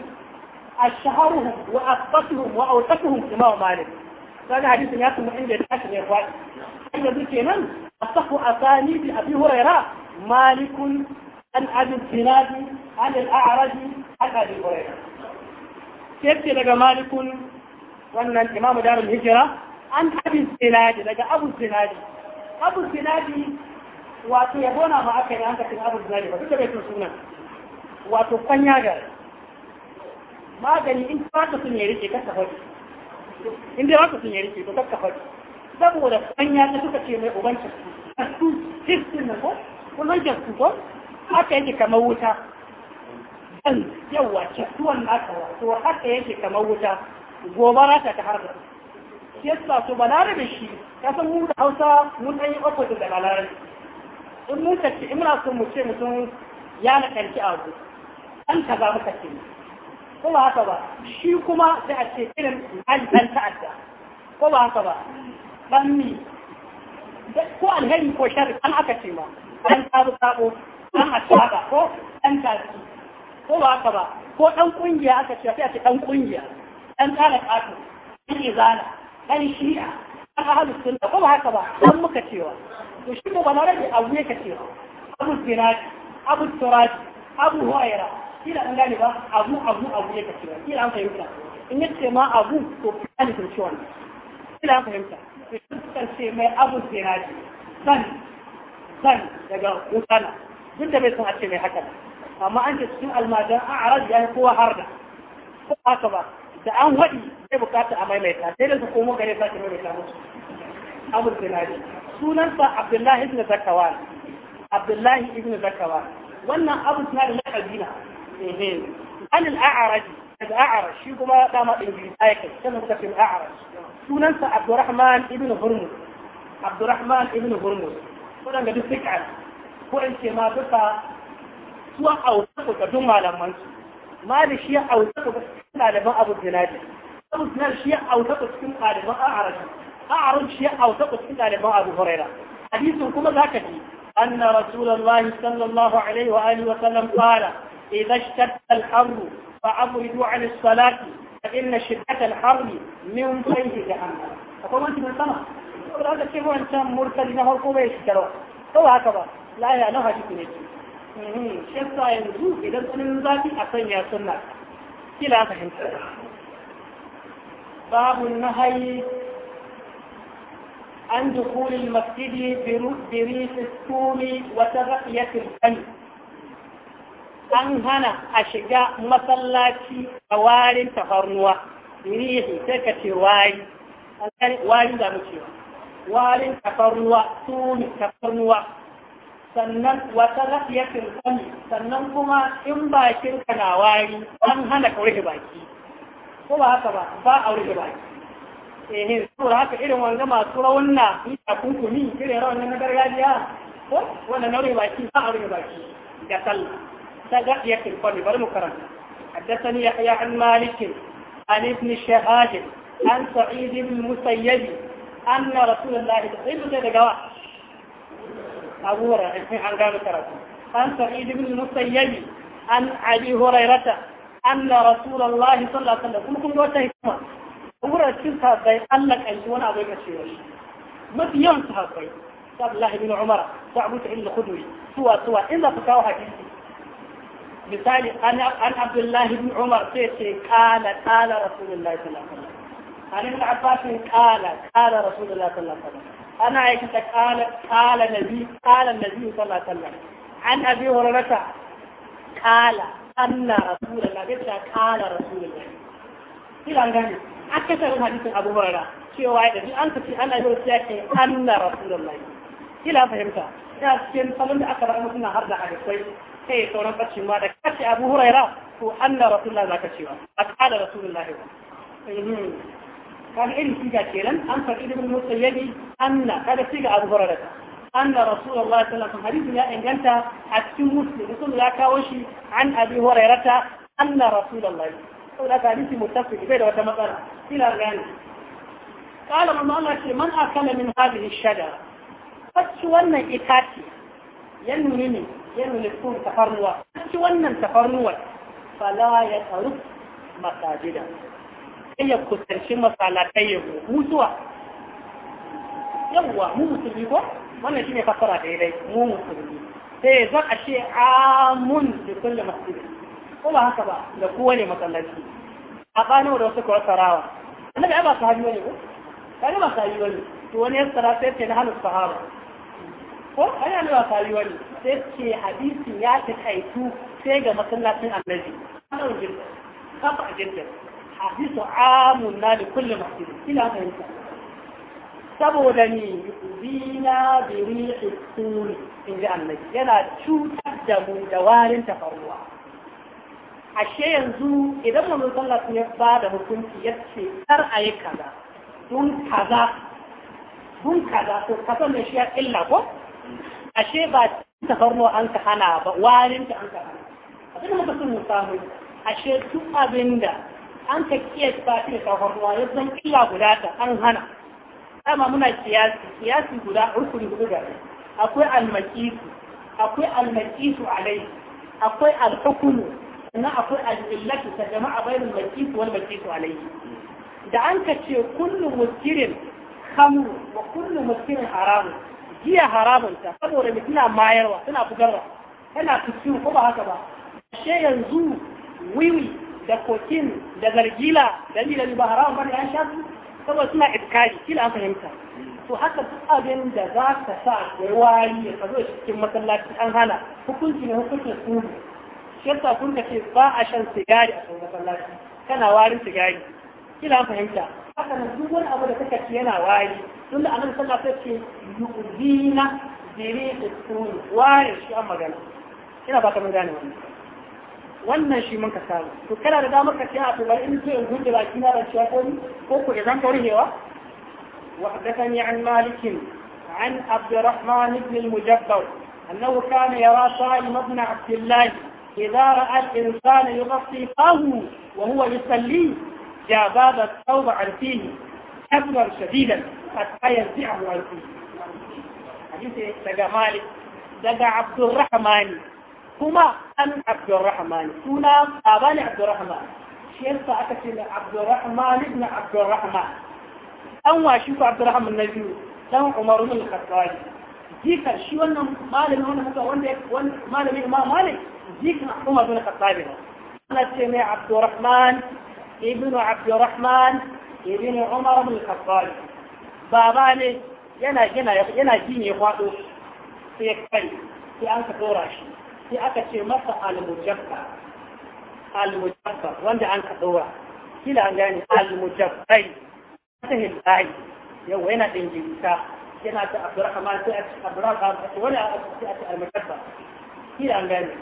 ashaharuhum wa asbatuhum wa ausakuhum imam malik kaga hadisin ya kuma inda ya tashi ne kwaɗi inda duke nan a asani bi abi huraira مالك عن أبي الزناد عن الأعرج عن أبي هريرة كيف لك مالك وأن الإمام دار الهجرة عن أبي الزناد لك أبو الزناد أبو الزناد wato yabona ma aka yi an kafin abu zari ba duk da bai suna wato kwanya ga magani in ba ka sun ya rike ka faɗi in dai ba ka sun ya rike to faɗi saboda kwanya ta suka ce mai ubancin su hisin kun san jasku ko haka yake kamar wuta dan yawa jaskuwan naka to haka yake kamar wuta gobara ta ta harba shi yasa to balarabe shi ka san mu da hausa mun dan yi opposite da balarabe in mun ka ce muna son mu ce mutum ya na kanci abu Dan ka za muka ce ko ba haka ba shi kuma sai a ce irin an ta'adda ko ba haka ba dan mi ko alheri ko shari an aka ce ma an sabu sabo an asaba ko an tafi ko ba haka ba ko dan kungiya aka ce sai a ce dan kungiya dan tsara kato dan izala dan shi'a an ahalu sunna ko ba haka ba dan muka cewa to shi ko balare da abu ne ka cewa abu sirati abu turati abu huwaira kila an gane ba abu abu abu ne ka cewa kila an fahimta in yace ma abu to kila ne ka cewa kila an fahimta ce mai abu daga wutana duk da bai san a ce mai haka amma an ce cikin almajan a'arab ya yi kowa har da ko haka ba da an waɗi zai bukata a maimaita sai da su komo gare sa ke maimaita musu abu abdullahi ibn zakawan abdullahi ibn zakawan wannan abu sirati na kabila an al'a'araji daga shi kuma dama ɗin biyu ta yake sai muka fi al'a'arashi sunansa Abdurrahman ibn hurmus Abdurrahman ibn Hurmuz wadanda duk suka ko in ce ma duka auta duk malaman su da shi ya auta ku ga ɗaliban Abu Zinadi Abu Zinadi shi ya auta ku cikin ɗaliban A'raj A'raj shi ya auta ku cikin ɗaliban Abu Huraira hadisin kuma zaka ji أن رسول الله صلى الله عليه وآله وسلم قال إذا اشتد الأمر فأبردوا عن الصلاة إن شدة الحرب من فيه جهنم أقول أنت من سما أقول هذا كيف إنسان مرتد إنه هو كويس كلام هو هكذا لا يا نهج شيخ شفت ينزو إذا من ذاتي أصلا يا سنة كلا فهمت باب النهي عن دخول المسجد بريح الثوم وتبقية الدم an hana a shiga masallaci a warin tafarnuwa rihi sai ka ce wari wari da muke warin tafarnuwa tuni tafarnuwa sannan wata lafiyatin kami sannan kuma in bakin ka na wari an hana ka rufe baki ko ba haka ba ba a rufe baki eh saboda haka irin wanga masu rauna ni takunkumi irin rauna na gargajiya ko wanda na rufe baki ba a rufe baki Ya sallah يكن حدثني يحيى عن مالك عن ابن شهاد عن سعيد المسيب أن رسول الله صلى الله أبو هريرة عن سعيد بن المسيب عن أبي هريرة أن رسول الله صلى الله عليه وسلم كلكم جوته كما أبو هريرة كيف هذا قال لك أنت وأنا أبو كشيوش ما في يوم هذا عبد الله بن عمر وأبو سعيد الخدري سوى سوى إلا فكاوها كيف مثال أنا أنا عبد الله بن عمر سيتي قال قال رسول الله صلى الله عليه وسلم أنا ابن عباس قال قال رسول الله صلى الله عليه وسلم أنا عائشة قال قال النبي قال النبي صلى الله عليه وسلم عن أبي هريرة قال أن رسول الله بيتا قال رسول الله إلى أن قال أكثر الحديث أبو هريرة في وعيد في أنت في أنا أبي هريرة أن رسول الله إلى أن فهمت يا سيدي صلى الله عليه أنا أكثر أن هذا حديث كويس sai sauran bacin ma da kashe Abu Huraira to anna Rasulullah zaka cewa akala Rasulullah mhm. kan irin siga kenan an faɗi ibn yadi, anna kada siga Abu Huraira anna Rasulullah sallallahu alaihi wasallam hadisi ya inganta a cikin Muslim Muslim ya kawo shi an Abi ta anna Rasulullah saboda hadisi muttafaq bai da wata matsala kila gani قال من الله من أكل من هذه الشجرة فتشوانا إتاتي ينمي yana nufin tafarnuwa ci wannan tafarnuwar fala ya taru masajida sai ya kusanci masalatai ya mutuwa yawwa mu musulmi ko wannan shi shine fasara daidai mu musulmi sai zan ashe amun da kulle masjid ko ba haka ba da kowane masallaci a bani da wasu kawai sarawa annabi ai ba sahabi wani ko kaga ba sahabi wani to wani ya sara sai ce na halin sahaba ko ana nuna sabi wani sai ce hadisin ya ta kaitu sai ga masallacin annabi ana jirgin kafa a jirgin hadisu amun na da kullum a cikin ina fahimta saboda ni zina bi rihi suri in ji annabi yana cutar da mu da warin tafarwa ashe yanzu idan manzon sallallahu ya ba da hukunci ya ce kar a yi kaza don kaza don kaza ko kasan da shi ya illa ko ashe ba ta tafarno an ka hana ba warin ta an ka hana abin da muka sun mu samu ashe duk abin da an ka kiyas ba ta tafarno ya zan kila guda ta an hana dama muna kiyasi kiyasi guda rukuni hudu da akwai almakisu akwai almakisu alai akwai alhukumu sannan akwai al'illatu ta jama'a bayan makisu wal makisu alai da an ka ce kullu muskirin khamru wa kullu muskirin haramun giya haramun saboda mai suna mayarwa suna bugarwa tana fuskin ko ba haka ba ashe yanzu wiwi da kokin da zargila da ni ba haramun ba da ya sha su saboda suna iskari kila an fahimta to haka duk abin da za ka sa ya wari ya kazo cikin masallaci an hana hukunci ne hukuncin tsuru shi yasa kun ka ce ba a shan sigari a cikin masallaci kana warin sigari kila an fahimta haka nan duk wani abu da kake yana wari tunda anan sallah ta ce yu'zina zire sun waye shi an magana ina ba ka mun gane wannan wannan shi mun ka samu to kana da damar ka ce a tubar in ce in gudu baki na da ciya ko ko ku idan ka ruhewa wa hadathani an malik an abdurrahman ibn al-mujabbar أنه كان يرى صائم ابن عبد الله إذا رأى الإنسان يغطي فاه وهو يصلي جاء باب التوبة عن فيه كبرا شديدا daga malik daga abdurrahmani kuma an abdurrahmani suna baba ne abdurrahman shi yasa aka ce na abdurrahman ibn abdurrahman an washi ku abdurrahman na biyu dan umar ibn al-khattab shi wannan malami wanda haka wanda malami imam malik jikar umar ibn al-khattab ana ce mai abdurrahman ibn abdurrahman ibn umar ibn al baba ne yana gina yana gine kwado sai kai sai an ka dora shi sai aka ce masa al-mujabba al-mujabba wanda an ka dora kila an gane al-mujabbai ta hilai yau yana din jinta yana ta abdurrahman sai abdurrahman wani a cikin al-mujabba kila an gane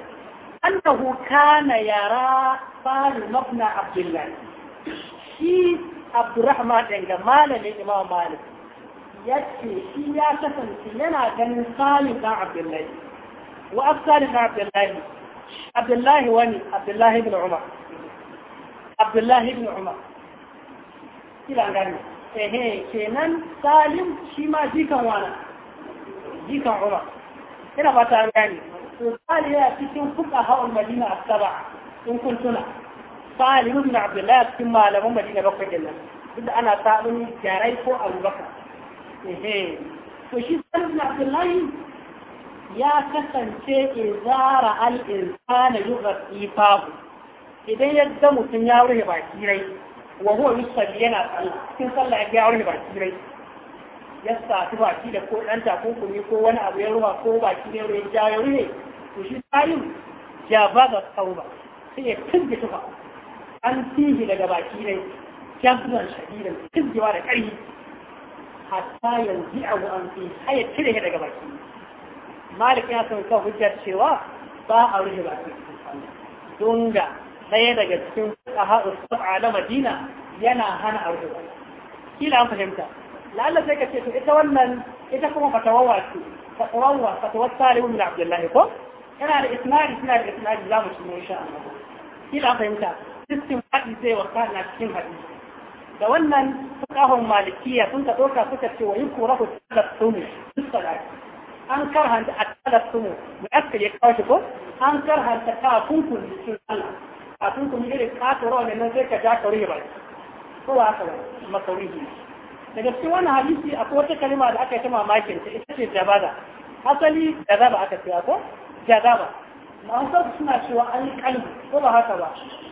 annahu kana yara faru mabna abdullahi shi abdurrahman ɗin ga malamin imam malik yace shi ya kasance yana ganin Salim dan Abdullahi wa afsali dan Abdullahi Abdullahi wani Abdullahi ibn Umar Abdullahi ibn Umar kila gani ehe kenan Salim shi ma jikan wani jikan Umar ina ba ta gani to Salim ya cikin fuka hawan Madina asaba in kun tuna Salim ibn Abdullahi cikin malaman Madina bakwai din nan duk da ana sabon jarai ko Abubakar Eh, to shi salim abdullahi ya kasance izara al'insana yughar ifahu idan ya ga mutum ya wurin ba kirai wa huwa yusalli yana sallah cikin sallah ya wuri ya wurin ya sati baki da ko dan takunkumi ko wani abu ya ruwa ko baki ne ya ja ya ruhe to shi tsayin ya ba ga ba sai ya tunje tufa an tihi daga baki rai jabban shadidan tunjewa da ƙari. hatta yanzu abu an fi har ya cire shi daga baki malik ya san kan hujjar cewa ba a rufe baki don ga ɗaya daga cikin fuqaha usfa'a na madina yana hana a rufe baki kila an fahimta la'alla sai ka ce to ita wannan ita kuma fatawawa ce fatawawa fatawar salihu min abdullahi ko yana da isnadi suna da isnadi za mu ci ne insha Allah kila an fahimta sistin hadisi zai wasa na cikin hadisi da wannan fuqahun malikiya sun ka doka suka ce wa yukrahu talattum salati an karhanta at-talattum mu aska ya kawo ko an karhanta ta kunkun cikin Allah a kunkun irin katoro ne nan sai ka ja ka kauri ba ko ba haka ba makaurihi daga cikin wannan hadisi akwai wata kalima da aka yi ta mamakin ta ita ce jabada asali jazaba aka ce ko jazaba ma'ansar suna cewa an yi kalbi ko ba haka ba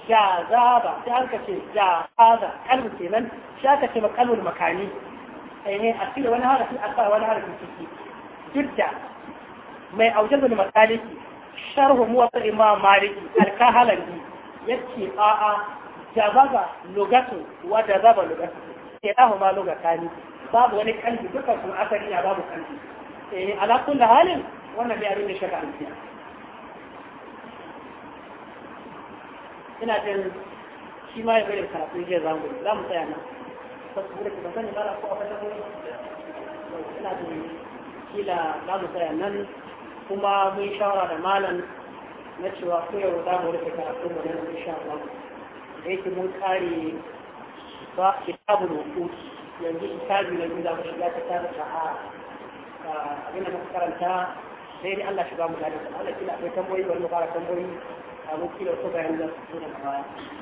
jazaba sai an kace jaza kalmu kenan shi aka ce makalmul makani eh, a cire wani harafi a sa wani harafi ciki duk mai aujazul makaliki sharhu muwatta imam maliki alkahalandi yace a'a jazaga lugatu wa jazaba lugatu kedahu ma lugatani babu wani kalbi dukkan su asali ya babu kalbi eh ala da halin wannan bai da shaka alfiya ina jin shi ma ya bari karatu jiya za mu za mu tsaya nan saboda ba sani ba ko a fata gurin ina jin kila za mu tsaya nan kuma mun shawara da malam na cewa ko yau za mu rufe karatu mu nan sha Allah da yake mun kare ba da wuqut yanzu kitabi na biyu za mu shiga ta tara ta a ah, ah, abin da karanta sai dai Allah shi ba mu da Allah kila akwai tamboyi wani ba fara tamboyi 我去了后边那个组织的什么。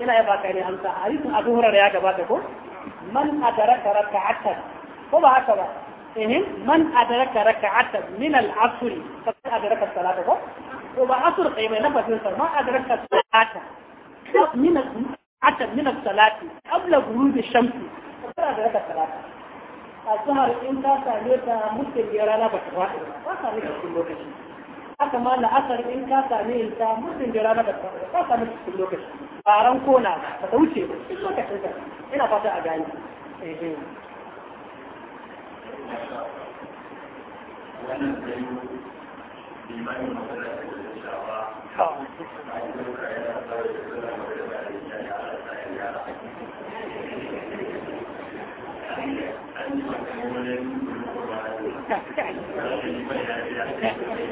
إلى يبقى إلى أنت أريد أن أظهر رياك بعدك من أدرك ركعة هو هكذا إهم من أدرك ركعة من العصر فقد أدرك الصلاة هو هو عصر قيمة نفس الصلاة ما أدرك الصلاة من العصر من الصلاة قبل غروب الشمس فقد أدرك الصلاة الظهر إنت سألت مستجيرا لا بكرة ما سألت كل وقت haka ma na asar in ka same ta mutum jira na da ka same shi cikin lokaci ba ran kona ba ta wuce cikin lokacin ka ina fata a gani Thank you.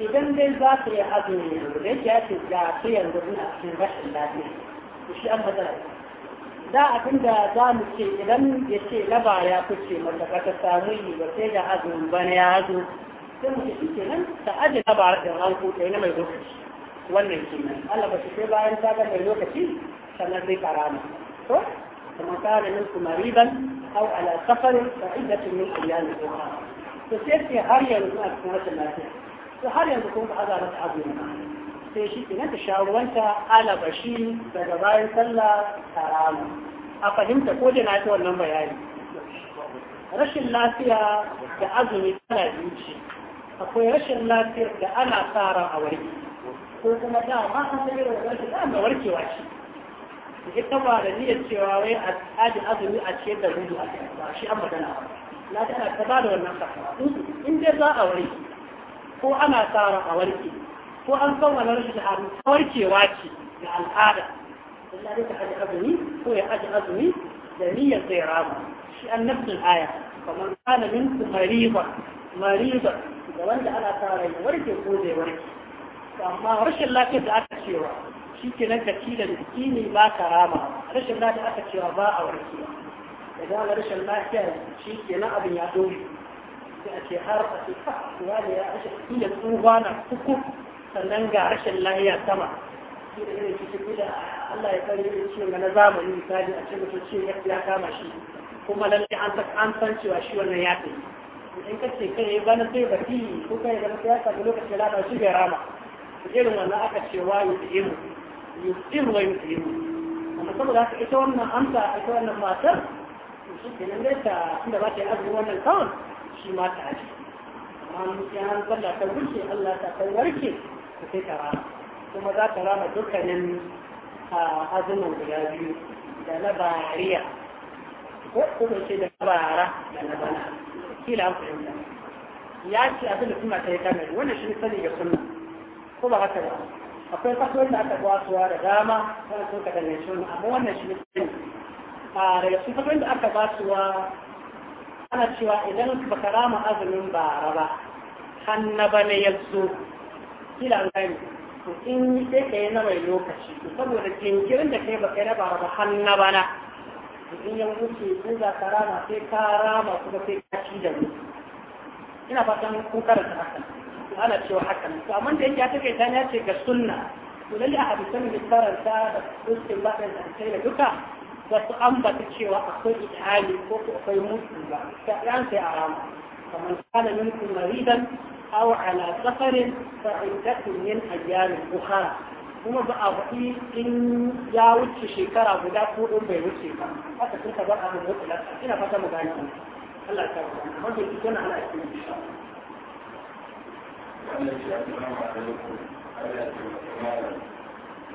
إذن بالباقي أظن ليس جاتب جاتيا وضعنا أحسن رحل لابنه مش أمه ذلك دا أكند دام الشيء إذن يشيء لبع يا كتشي مرتفع تساوي وسيجا أظن بني أظن ثم تشيء لن تأجي لبع رأي غالكو إنما يغفش وانه يجينا ألا بشيء لا ينتاج من يوك شيء سنرضي كرامة فما طيب؟ كان منكم مريبا أو على سفر فعدة من أيام الأخرى فسيرتي هاريا وضعنا أحسن رحل to har yanzu kun haza mata abu sai shi kenan ta shawarwanta shawuwanta alabashi daga bayan sallah taramu a fahimta ko da na ta wannan bayani rashin lafiya da azumi tana zuci akwai rashin lafiya da ana tsara a warki ko kuma da ma an sai da rashin da ana warkewa ce ita ba da niyyar cewa wai a tsaji azumi a ce da gudu a shi an magana ba na tana ta ba da wannan fata in dai za a warke ko ana tsara a warke ko an san wani rashin hannu warkewa ce ga al'ada illa dai ta haji azumi ko ya haji azumi da niyyar sai rama shi an nafsin aya kamar kana min mariba mariba da wanda ana tsara ya warke ko zai warke amma rashin lafiyar da aka cewa shi ke nan kaci da jiki ne ba ka rama rashin lafiya aka cewa ba a warkewa da dama rashin lafiya shi ke nan abin ya dole sai a ce har a ce kuwa da ya ashe iya tsufa na kuku sannan ga rashin lahiya sama shi da irin cikin da Allah ya kare da ciwon na zamani misali a ce mutum ciwon ya kama shi kuma lalle an san cewa shi wannan ya tafi in ka ce kai ya bana sai baki ko kai da mutum ya samu lokacin lada shi bai rama irin wannan aka ce wa yutimu yutimu wa yutimu amma saboda haka ita wannan amsa ita wannan matar shi kenan dai ta inda ba ta yi azumi wannan kawai shi ma ta ce amma mutum har sallah ta wuce Allah ta kai warke ta kai tara kuma za ta rama dukkanin azumin guda biyu da na bariya ko kuma ce da bara da na bana kila an fahimta ya ce a da suna ta yi kamar wannan shi sani ga sunna ko ba haka ba akwai fasuwar da aka gwasuwa da dama wani sun ka danganci amma wannan shi ne a daga sun fasuwar da aka gwasuwa ana cewa idan ka rama azumin bara ba hanna ba ne ya zo kila gani to in yi sai ka yi na mai lokaci to saboda jinkirin da kai baka yi na bara ba hanna ba na to in yan wuce in za ka rama sai ka rama kuma sai ka ci da mu ina fatan kun karanta hakan to ana cewa hakan to amma da yake ya take ta ya ce ga sunna to lalle a hadisan da karanta da ustin ba da sai da duka ba su ambata cewa akwai ijhali ko ko akwai mutu ba sai sai a rama kamar kana minkum maridan aw ala safarin fa iddatun min ayyamin ukhra kuma ba a faɗi in ya wuce shekara guda ko bai wuce ba haka sun bar abin mutu lafiya ina fata mu gane Allah ya ba amma bai ci Allah ya kawo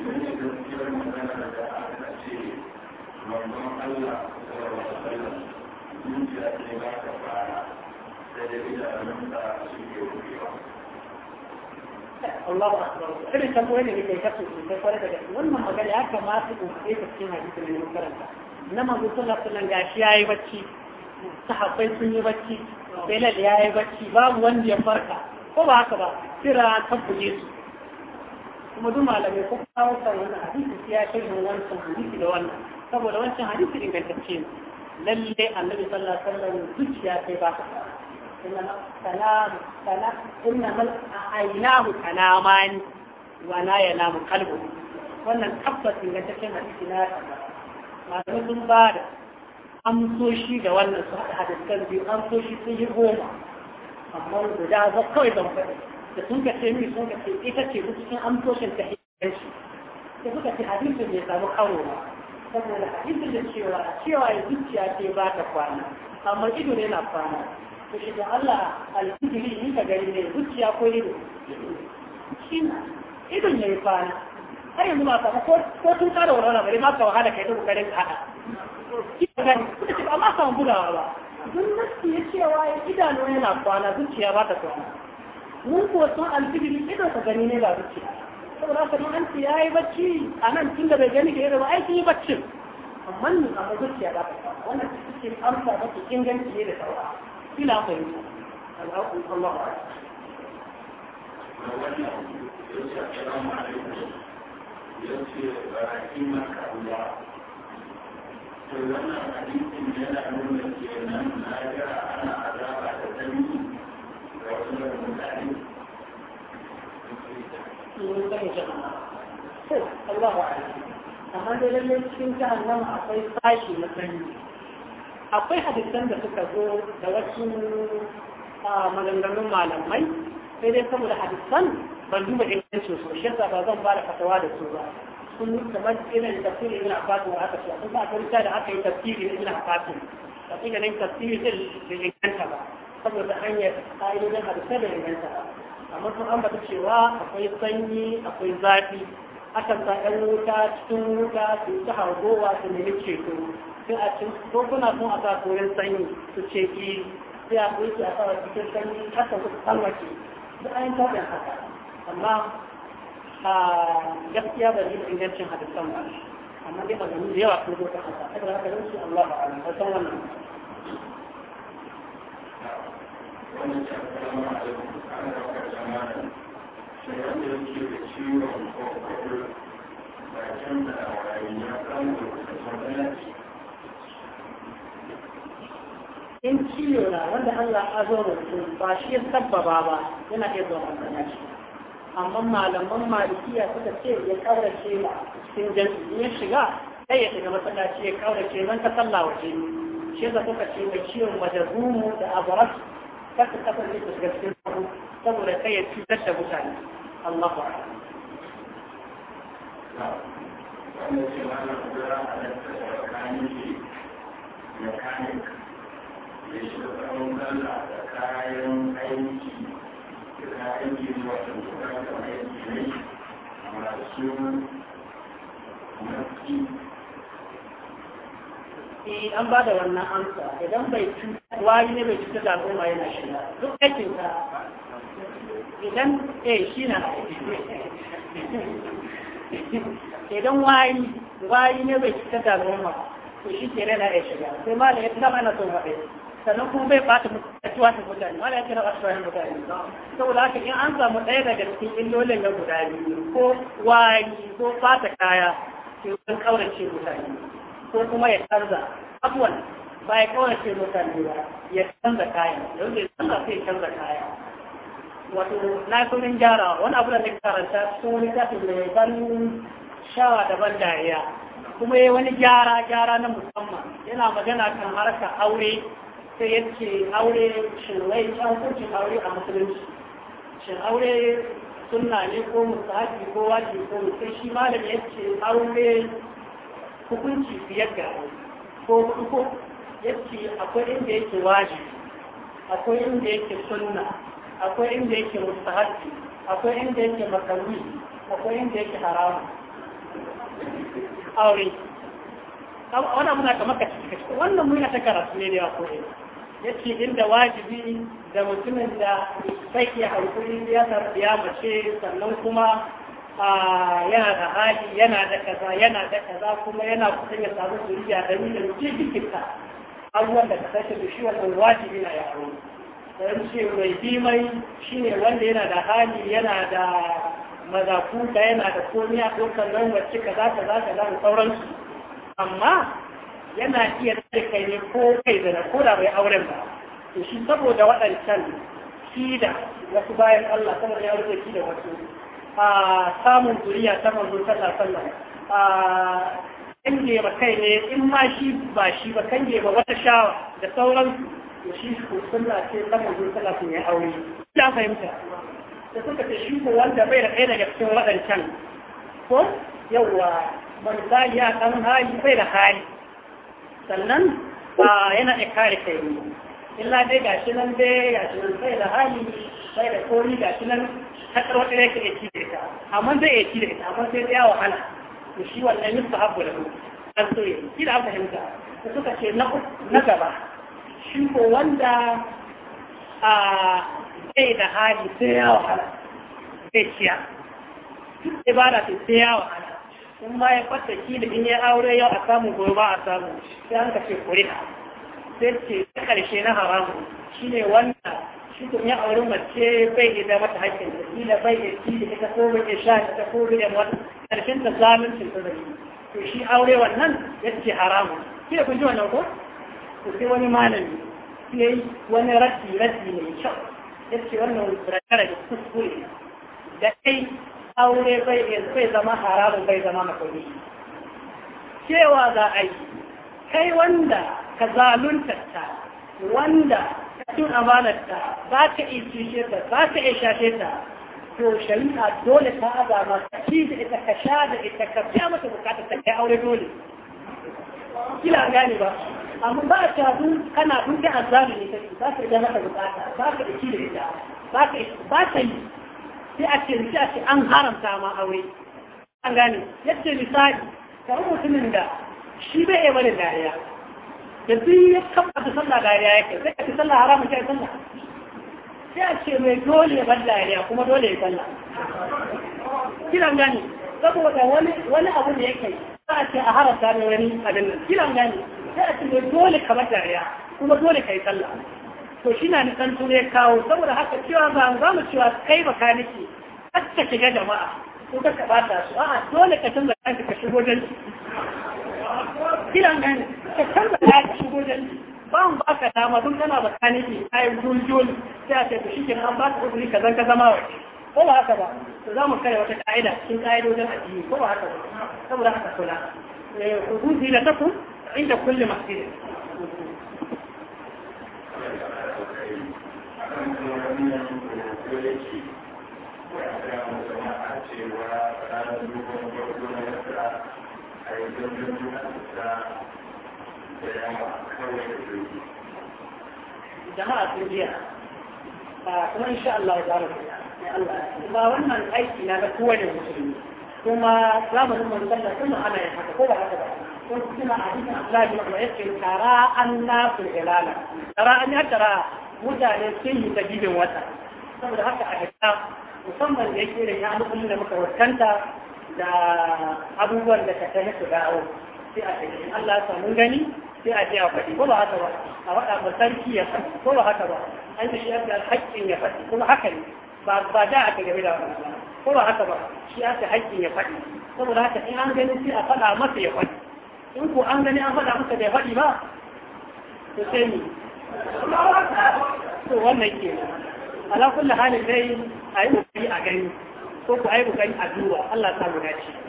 Allah ya manzon Allah sallallahu ba fara sai da idanun ta suke rubewa Allahu akbar irin ne kai kasu kware da wannan magana ya kamata ku ta cikin hadisi ne karanta na manzo sallallahu alaihi wasallam gashi yayi bacci sahabbai sun yi bacci Belal yayi yi bacci babu wanda ya farka ko ba haka ba kira su kuma duk malamai ko kawo kan wannan hadisi ya hadisi da wannan saboda wancan hadisi ingantacce ne lalle annabi sallallahu alaihi wasallam zuciya sai ba ta salam salam inna mal ainahu kalaman wa la yanamu qalbu wannan tabbas ingantaccen hadisi na malamin sun ba da amsoshi da wannan su hada hadisan biyu amsoshi sun yi goma amma guda ba kawai zan faɗi da sun ka ce min sun ka ce ita ce cikin amsoshin ta hiyar shi da suka ce hadisin bai samu karo ba saboda hadisin da cewa cewa ya zuciya ce ba ta kwana amma idu ne na kwana to shi da Allah alfijiri ni ka gani ne zuciya ko ido shi idon ne yi kwana har yanzu ba samu ko tun kada warwana bare ma ka wahala kai ta kokarin hada ka gani kuma ce ba ma samu bugawa ba dun nasi ce cewa ya idanu yana kwana zuciya ba ta kwana mun ko sun alfijiri ido ka gani ne ba zuciya saboda haka in an ya yi bacci a nan tun da bai gani da yadda ba aiki yi baccin amma ni a ba zuciya da ka wannan cikin amsa ba ke inganci ne da saura ila fahimta al'aƙun Allah ba yana nuna kenan na ana azaba da wasu domin sanin amma da lalle cikin akwai sashi na sanyi akwai hadisan da suka zo da wasu maganganun malamai sai dai saboda hadisan ban duba ingancin su shi yasa ba zan ba da fatawa da su ba sun yi kamar irin tafsiri ibn Abbas wa aka ce kuma akwai ta da aka yi tafsiri ibn Abbas da kika nan tafsiri din da inganta ba saboda hanyar ƙa'idodin hadisan da inganta ba amma sun ambata cewa akwai sanyi akwai zafi akan sa ɗan wuta cikin wuta su ta hargowa su nemi ceto sai a cin ko kuna son a sa koyon sanyi su ce ki sai a koyi su a sa cikin sanyi haka su tsallace da yi tafiyan haka amma a gaskiya ba zai ingancin hadisan ba amma dai magani da yawa sun zo ta haka saboda haka yanzu Allah ba'ala ba san wannan wannan in ciwo na wanda Allah azo mutum ba shi ya sabbaba ba yana iya zuwa matsalaci amma malaman malikiya suka ce ya kaurace ma cikin ya shiga sai ya shiga matsalaci ya kaurace don ta sallah waje shi da suka ce mai ciwon majazumu da abarat kasa kasar ne su shiga cikin sahu saboda kai ya cutar da mutane Allahu akbar wannan shi ma na kudura a nan tsakanin shi mekanik ya shiga tsawon sallah da kayan aiki da kayan aiki wato kuka da aiki ne masu mafi eh an ba da wannan amsa idan bai wani ne bai cuta da al'umma yana shiga duk aikin ka idan eh shi na idan wani ne bai cuta da al'umma to shi ke na ya shiga sai ma da ya tuna mana son faɗi sannan kuma bai ɓata mutuwa ta mutane wani ya kira ɓata mutane saboda haka in an samu ɗaya daga cikin illolin na guda biyu ko wani ko ɓata kaya sai wani ƙaurace mutane ko kuma ya canza abuwan ba ya kawai ce mutane ba ya canza kayan yanzu ya canza sai ya canza kayan. wato na sunin gyara wani abu da na karanta ko wani tafi mai ban shawa daban dariya kuma ya wani gyara gyara na musamman yana magana kan harka aure sai ya ce aure shirai wai an kuncin aure a musulunci shin aure sunna ne ko musahabi ko wajibi ko mutum shi malam ya ce aure hukunci biyar ga ko hudu ko akwai inda yake waje, akwai inda yake sunna akwai inda yake mustahabbi akwai inda yake makaruhi akwai inda yake haramu aure wannan muna kamar ka cikin wannan muna ta karatu ne da ya koyi yace inda wajibi da mutumin da sai ya hankali ya tarbiya mace sannan kuma yana da hali yana da kaza yana da kaza kuma yana kusan ya samu zuriya da ni da mutum jikinta abubuwan da ka sace da shi wannan wajibi yana yaro sai ce mai bi mai ne wanda yana da hali yana da mazakuta yana da komiya ɗaukar nan wacce kaza kaza kaza da sauransu amma yana iya da kai ne ko kai da na koda bai auren ba to shi saboda waɗancan shi da wasu bayan Allah saboda ya rubuta shi da wasu a samun zuriya ta manzo ta sallallahu a kange ba kai ne in ma shi ba shi ba kange ba wata shawa da sauran da shi su sunna ce ta manzo sallallahu alaihi aure Ya fahimta da suka ce shi ko wanda bai da kai daga cikin waɗancan ko yawa manza ya dan hali bai da hali sannan ba yana da kare kai illa dai gashi nan dai gashi nan sai da hali sai da kori gashi nan ta karwata ne ka iya ci da ita amma zai iya ci da ita amma sai ya wahala to shi wannan yin sahabu da an so ya yi da aka hinta da suka ce na gaba shi ko wanda a zai da hali sai ya wahala zai ciya duk ibada ta sai ya wahala in ma ya fata shi da in ya aure yau a samu gobe ba a samu sai an ka ce kuri'a sai ce ta karshe na haramu shine wanda shi kun ya auri mace bai ida mata haƙƙin ta kila bai ya ci da ita ko bai ya sha ita ko bai ya mata ƙarshen ta zalunci ta zai to shi aure wannan ya ce haramu shi da kunji ji wannan ko to sai wani malami yi wani rashi rashi mai kyau ya ce wannan rakara da kuskure da kai aure bai zama haramu bai zama makwai cewa za a yi kai wanda ka zalunta ta wanda cin amanarta ba ka iya ta ba ka iya shashe ta to shari'a dole ta azama ka ci da ita ka sha da ita ka biya mata bukatar ta kai aure dole kila gane ba amma ba a shaɗu kana duka azamin ne ci ba ka iya mata bukata ba ka iya ci da ita ba ka ba ka yi sai a ce an haramta ma aure an gane yadda misali kamar mutumin da shi bai yi bada dariya yanzu ya kabbata sallah dariya yake sai ka ci sallah haramun ta sallah sai a ce mai dole ya bar dariya kuma dole ya sallah kiran gani saboda wani wani abu da yake za a ce a harasa ne wani abin nan kiran gani sai a ce mai dole ka bar dariya kuma dole ka yi sallah to shi na nisan ya kawo saboda haka cewa ba za mu cewa kai makaniki har ka shiga jama'a ko ka ka bata su a'a dole ka canza kanka ka shigo don kiran gani ka canza kaya ka shigo da ba mu ba ka dama don kana da kaniki yi gurjul sai a ce to shi an ba ka uzuri ka zan ka zama ko ba haka ba to za mu kare wata ka'ida cikin ka'idojin addini ko ba haka ba saboda haka kula hududu eh, na taku inda kulli masjid Thank you. jama'a sun jiya ba kuma insha Allah ya tsara ba wannan aiki na ga kowane musulmi kuma zamanin manzon da kuma ana yin haka ko ba haka ba ko kuma a cikin Allah ya wa yake tara annasu ilala tara an ya tara mutane sun yi tajibin wata saboda haka a hita musamman da yake da ya alƙumin da muka wakanta da abubuwan da ka tafi su dawo sai a tafi Allah ya samu gani sai a je a faɗi ko ba haka ba a faɗa ba sarki ya faɗi ko ba haka ba an da shi ya da haƙƙin ya faɗi kuma haka ne ba ba da aka game da ko ba haka ba shi ya da haƙƙin ya faɗi saboda haka in an gani sai a faɗa masa ya faɗi in ko an gani an faɗa masa da ya faɗi ba to sai ni to wannan ke ala kulli halin dai a yi a gani ko ku mu gani a duba Allah ta mu dace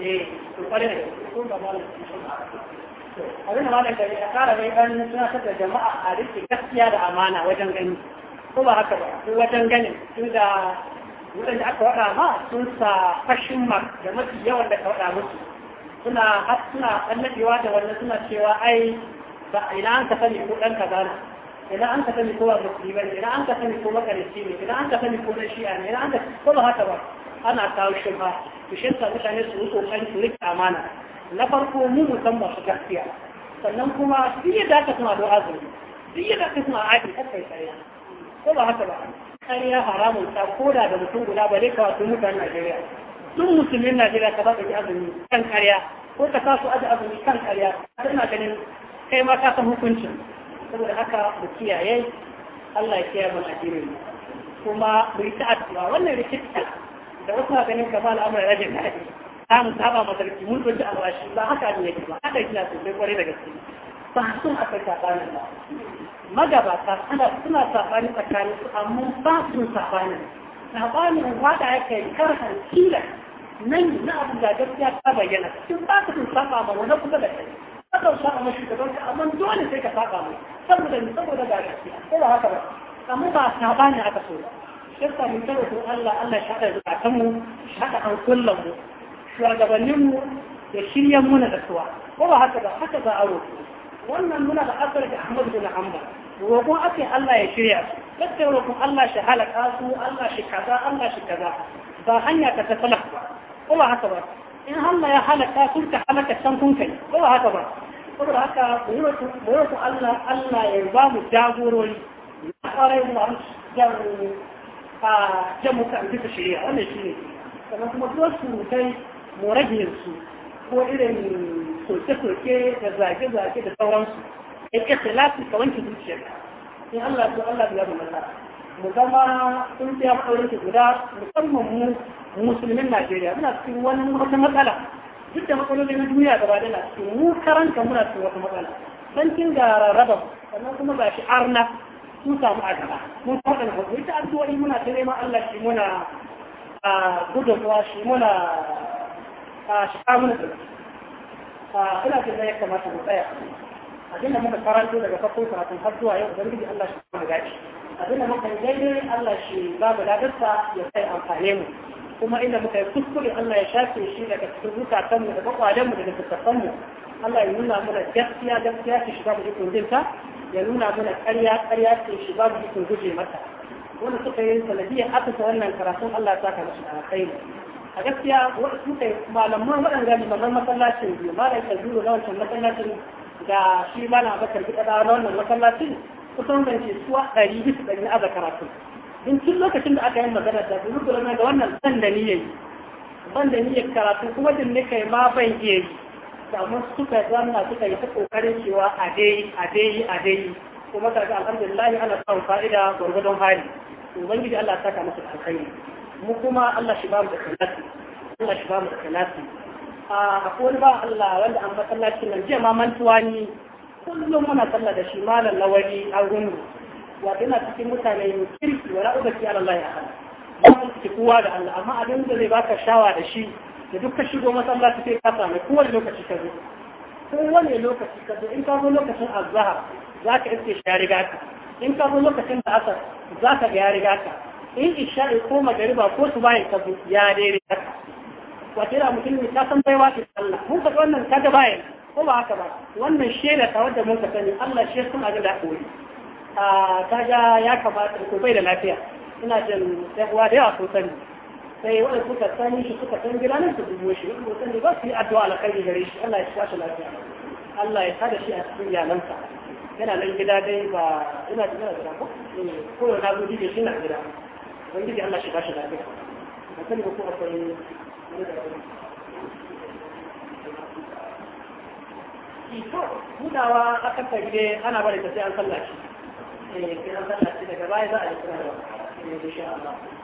eh to kware da kun ba malam abin da malam da ya kara bai ban tunatar da jama'a a rike gaskiya da amana wajen gani ko ba haka ba su wajen ganin su da waɗanda aka waɗa ma sun sa fashin mark da mafi yawan da ka waɗa musu suna har suna annabewa da wannan suna cewa ai ba ina an ka sani ko ɗan kaza ne ina an ka sani ko ba musulmi ba ne ina an ka sani ko makarici ne ina an ka sani ko ɗan shi'a ne ina an ka ko ba haka ba ana kawo shubha ku shi mutane su kan su rike amana na farko mu musamman su masu gaskiya sannan kuma duk yadda aka suna da azumi duk yadda aka suna aji kar kai kariya ko ba haka ba kariya haramun ta koda da mutum guda ba dai kawai mutanen Najeriya duk musulmin Najeriya ka ba da azumi kan kariya ko ka sa su aji azumi kan kariya suna ganin kai ma ka san hukuncin saboda haka mu kiyaye Allah ya kiyaye mu addinin kuma mu yi ta'addu'a wannan rikici da wasu na ganin kama al'amuran rajin daɗi za mu saba masarki mun a alwashi ba haka ne yake ba haka yana sosai kwarai da gaske ba a aka saɓanin ba magabata ana suna saɓani tsakanin su amma ba su saɓanin saɓanin wada ya kai karhan kila nan na abu da gaskiya ta bayyana cikin ba ka sun saɓa ma wani kusa da kai ka ɗauka a mashi gaban ka amma dole sai ka saɓa mai saboda saboda ga gaskiya ko da haka ba amma ba saɓani aka so ba yasa mu tsara ko Allah Allah ya hada zakatan mu hada an kullum mu shugabannin mu ya shirya muna da suwa ko ba haka ba haka za a roƙo wannan muna da asar da Ahmadu bin Hanbal roƙon ake Allah ya shirya su kacce roƙon Allah shi halaka su Allah shi kaza Allah shi kaza ba hanya ka ta salaf ba ko ba haka ba in Allah ya halaka sun ka halaka san kun kai ko ba haka ba saboda haka mu roƙon Allah Allah ya ba mu jagorori na ƙwarai mu a jan mutane bisa shari'a wannan shi ne sannan kuma duk surutai mu rage su ko irin soke-soke da zage-zage da sauransu ya kasa lafi ka wanke zuciyarka in Allah ya Allah ya zama lafiya mu zama sun biya maɗaurinsu guda musamman mu musulmin Najeriya muna cikin wani wata matsala duk da matsaloli na duniya gaba da cikin mu karanta muna cikin wata matsala bankin ga rarraba sannan kuma ga shi arna Sun samu azaba mun samu da hudu ita addu'o'i muna ta neman Allah shi muna gudunwa shi muna shiga muna ina jin da ya kamata mu tsaya A abinda muka karanto daga farkon karatun har zuwa yau ubangiji Allah shi gaji. A abinda muka yi daidai Allah shi ba mu ladarsa ya kai amfane mu kuma inda muka yi kuskure Allah ya shafe shi daga cikin zukatanmu da kwakwalen mu da littattafan Allah ya nuna mana gaskiya gaskiya shi shiga mu ikon jinta ya nuna mana ƙarya ƙarya ce shi ba su guje mata wanda suka yi sanadiyar aka sa wannan karatun Allah ta kama shi a kai a gaskiya su kai malaman waɗanda limaman masallacin biyu malam kabiru na wancan masallacin da shi malam abakar bi ɗaɗa na wannan masallacin kusan ban zance suwa ɗari bisa ɗari na aza karatun in tun lokacin da aka yi magana da duk da wannan ban da niyyar ban da niyyar karatun, kuma din ne kai ma ban iya yi amma suka zamana suka yi ta kokarin cewa a dai a dai a dai kuma kaga alhamdulillah ana samun fa'ida gwargwadon hali ubangiji Allah ya saka musu alkhairi mu kuma Allah shi ba mu da salati Allah shi ba mu da salati a akwai ba Allah wanda an ba sallaci nan jiya ma mantuwa ni kullum muna sallah da shi malam lawari an gungu wato yana cikin mutane kirki wala ubaki Allah ya hana ba mu kowa da Allah amma abin da zai baka shawa da shi da duk ka shigo masallaci sai ka samu kowane lokaci ka zo kowane lokaci ka zo in ka zo lokacin azhar za ka iske shi ya riga ka in ka zo lokacin da asar za ka ga ya riga ka in isha'i ko magariba ko subahin ka zo ya dai riga ka wace da mutum ta san baiwa ta Allah mun ka wannan ga bayan ko ba haka ba wannan shaida, ta wadda mun ka sani Allah shi sun abin da koyi a ah, kaga ya kamata ko bai da lafiya ina jin sai uwa da yawa sun sani أي ولا كوتا ثاني كوتا ثاني جلنا نسوي موشي وثاني بس في أدواء على خير جريش الله يسواش الله يعني الله يسواش شيء أسمع يا نمسا هنا لين كده ده يبقى هنا كده ده بقى كل ما نقول دي كشينا كده وين دي الله يسواش الله يعني وثاني بقى كوتا ثاني إيه هو ده هو أكتر تجربة أنا بريت أسأل الله شيء إيه كده الله شيء ده كبايزة إن شاء الله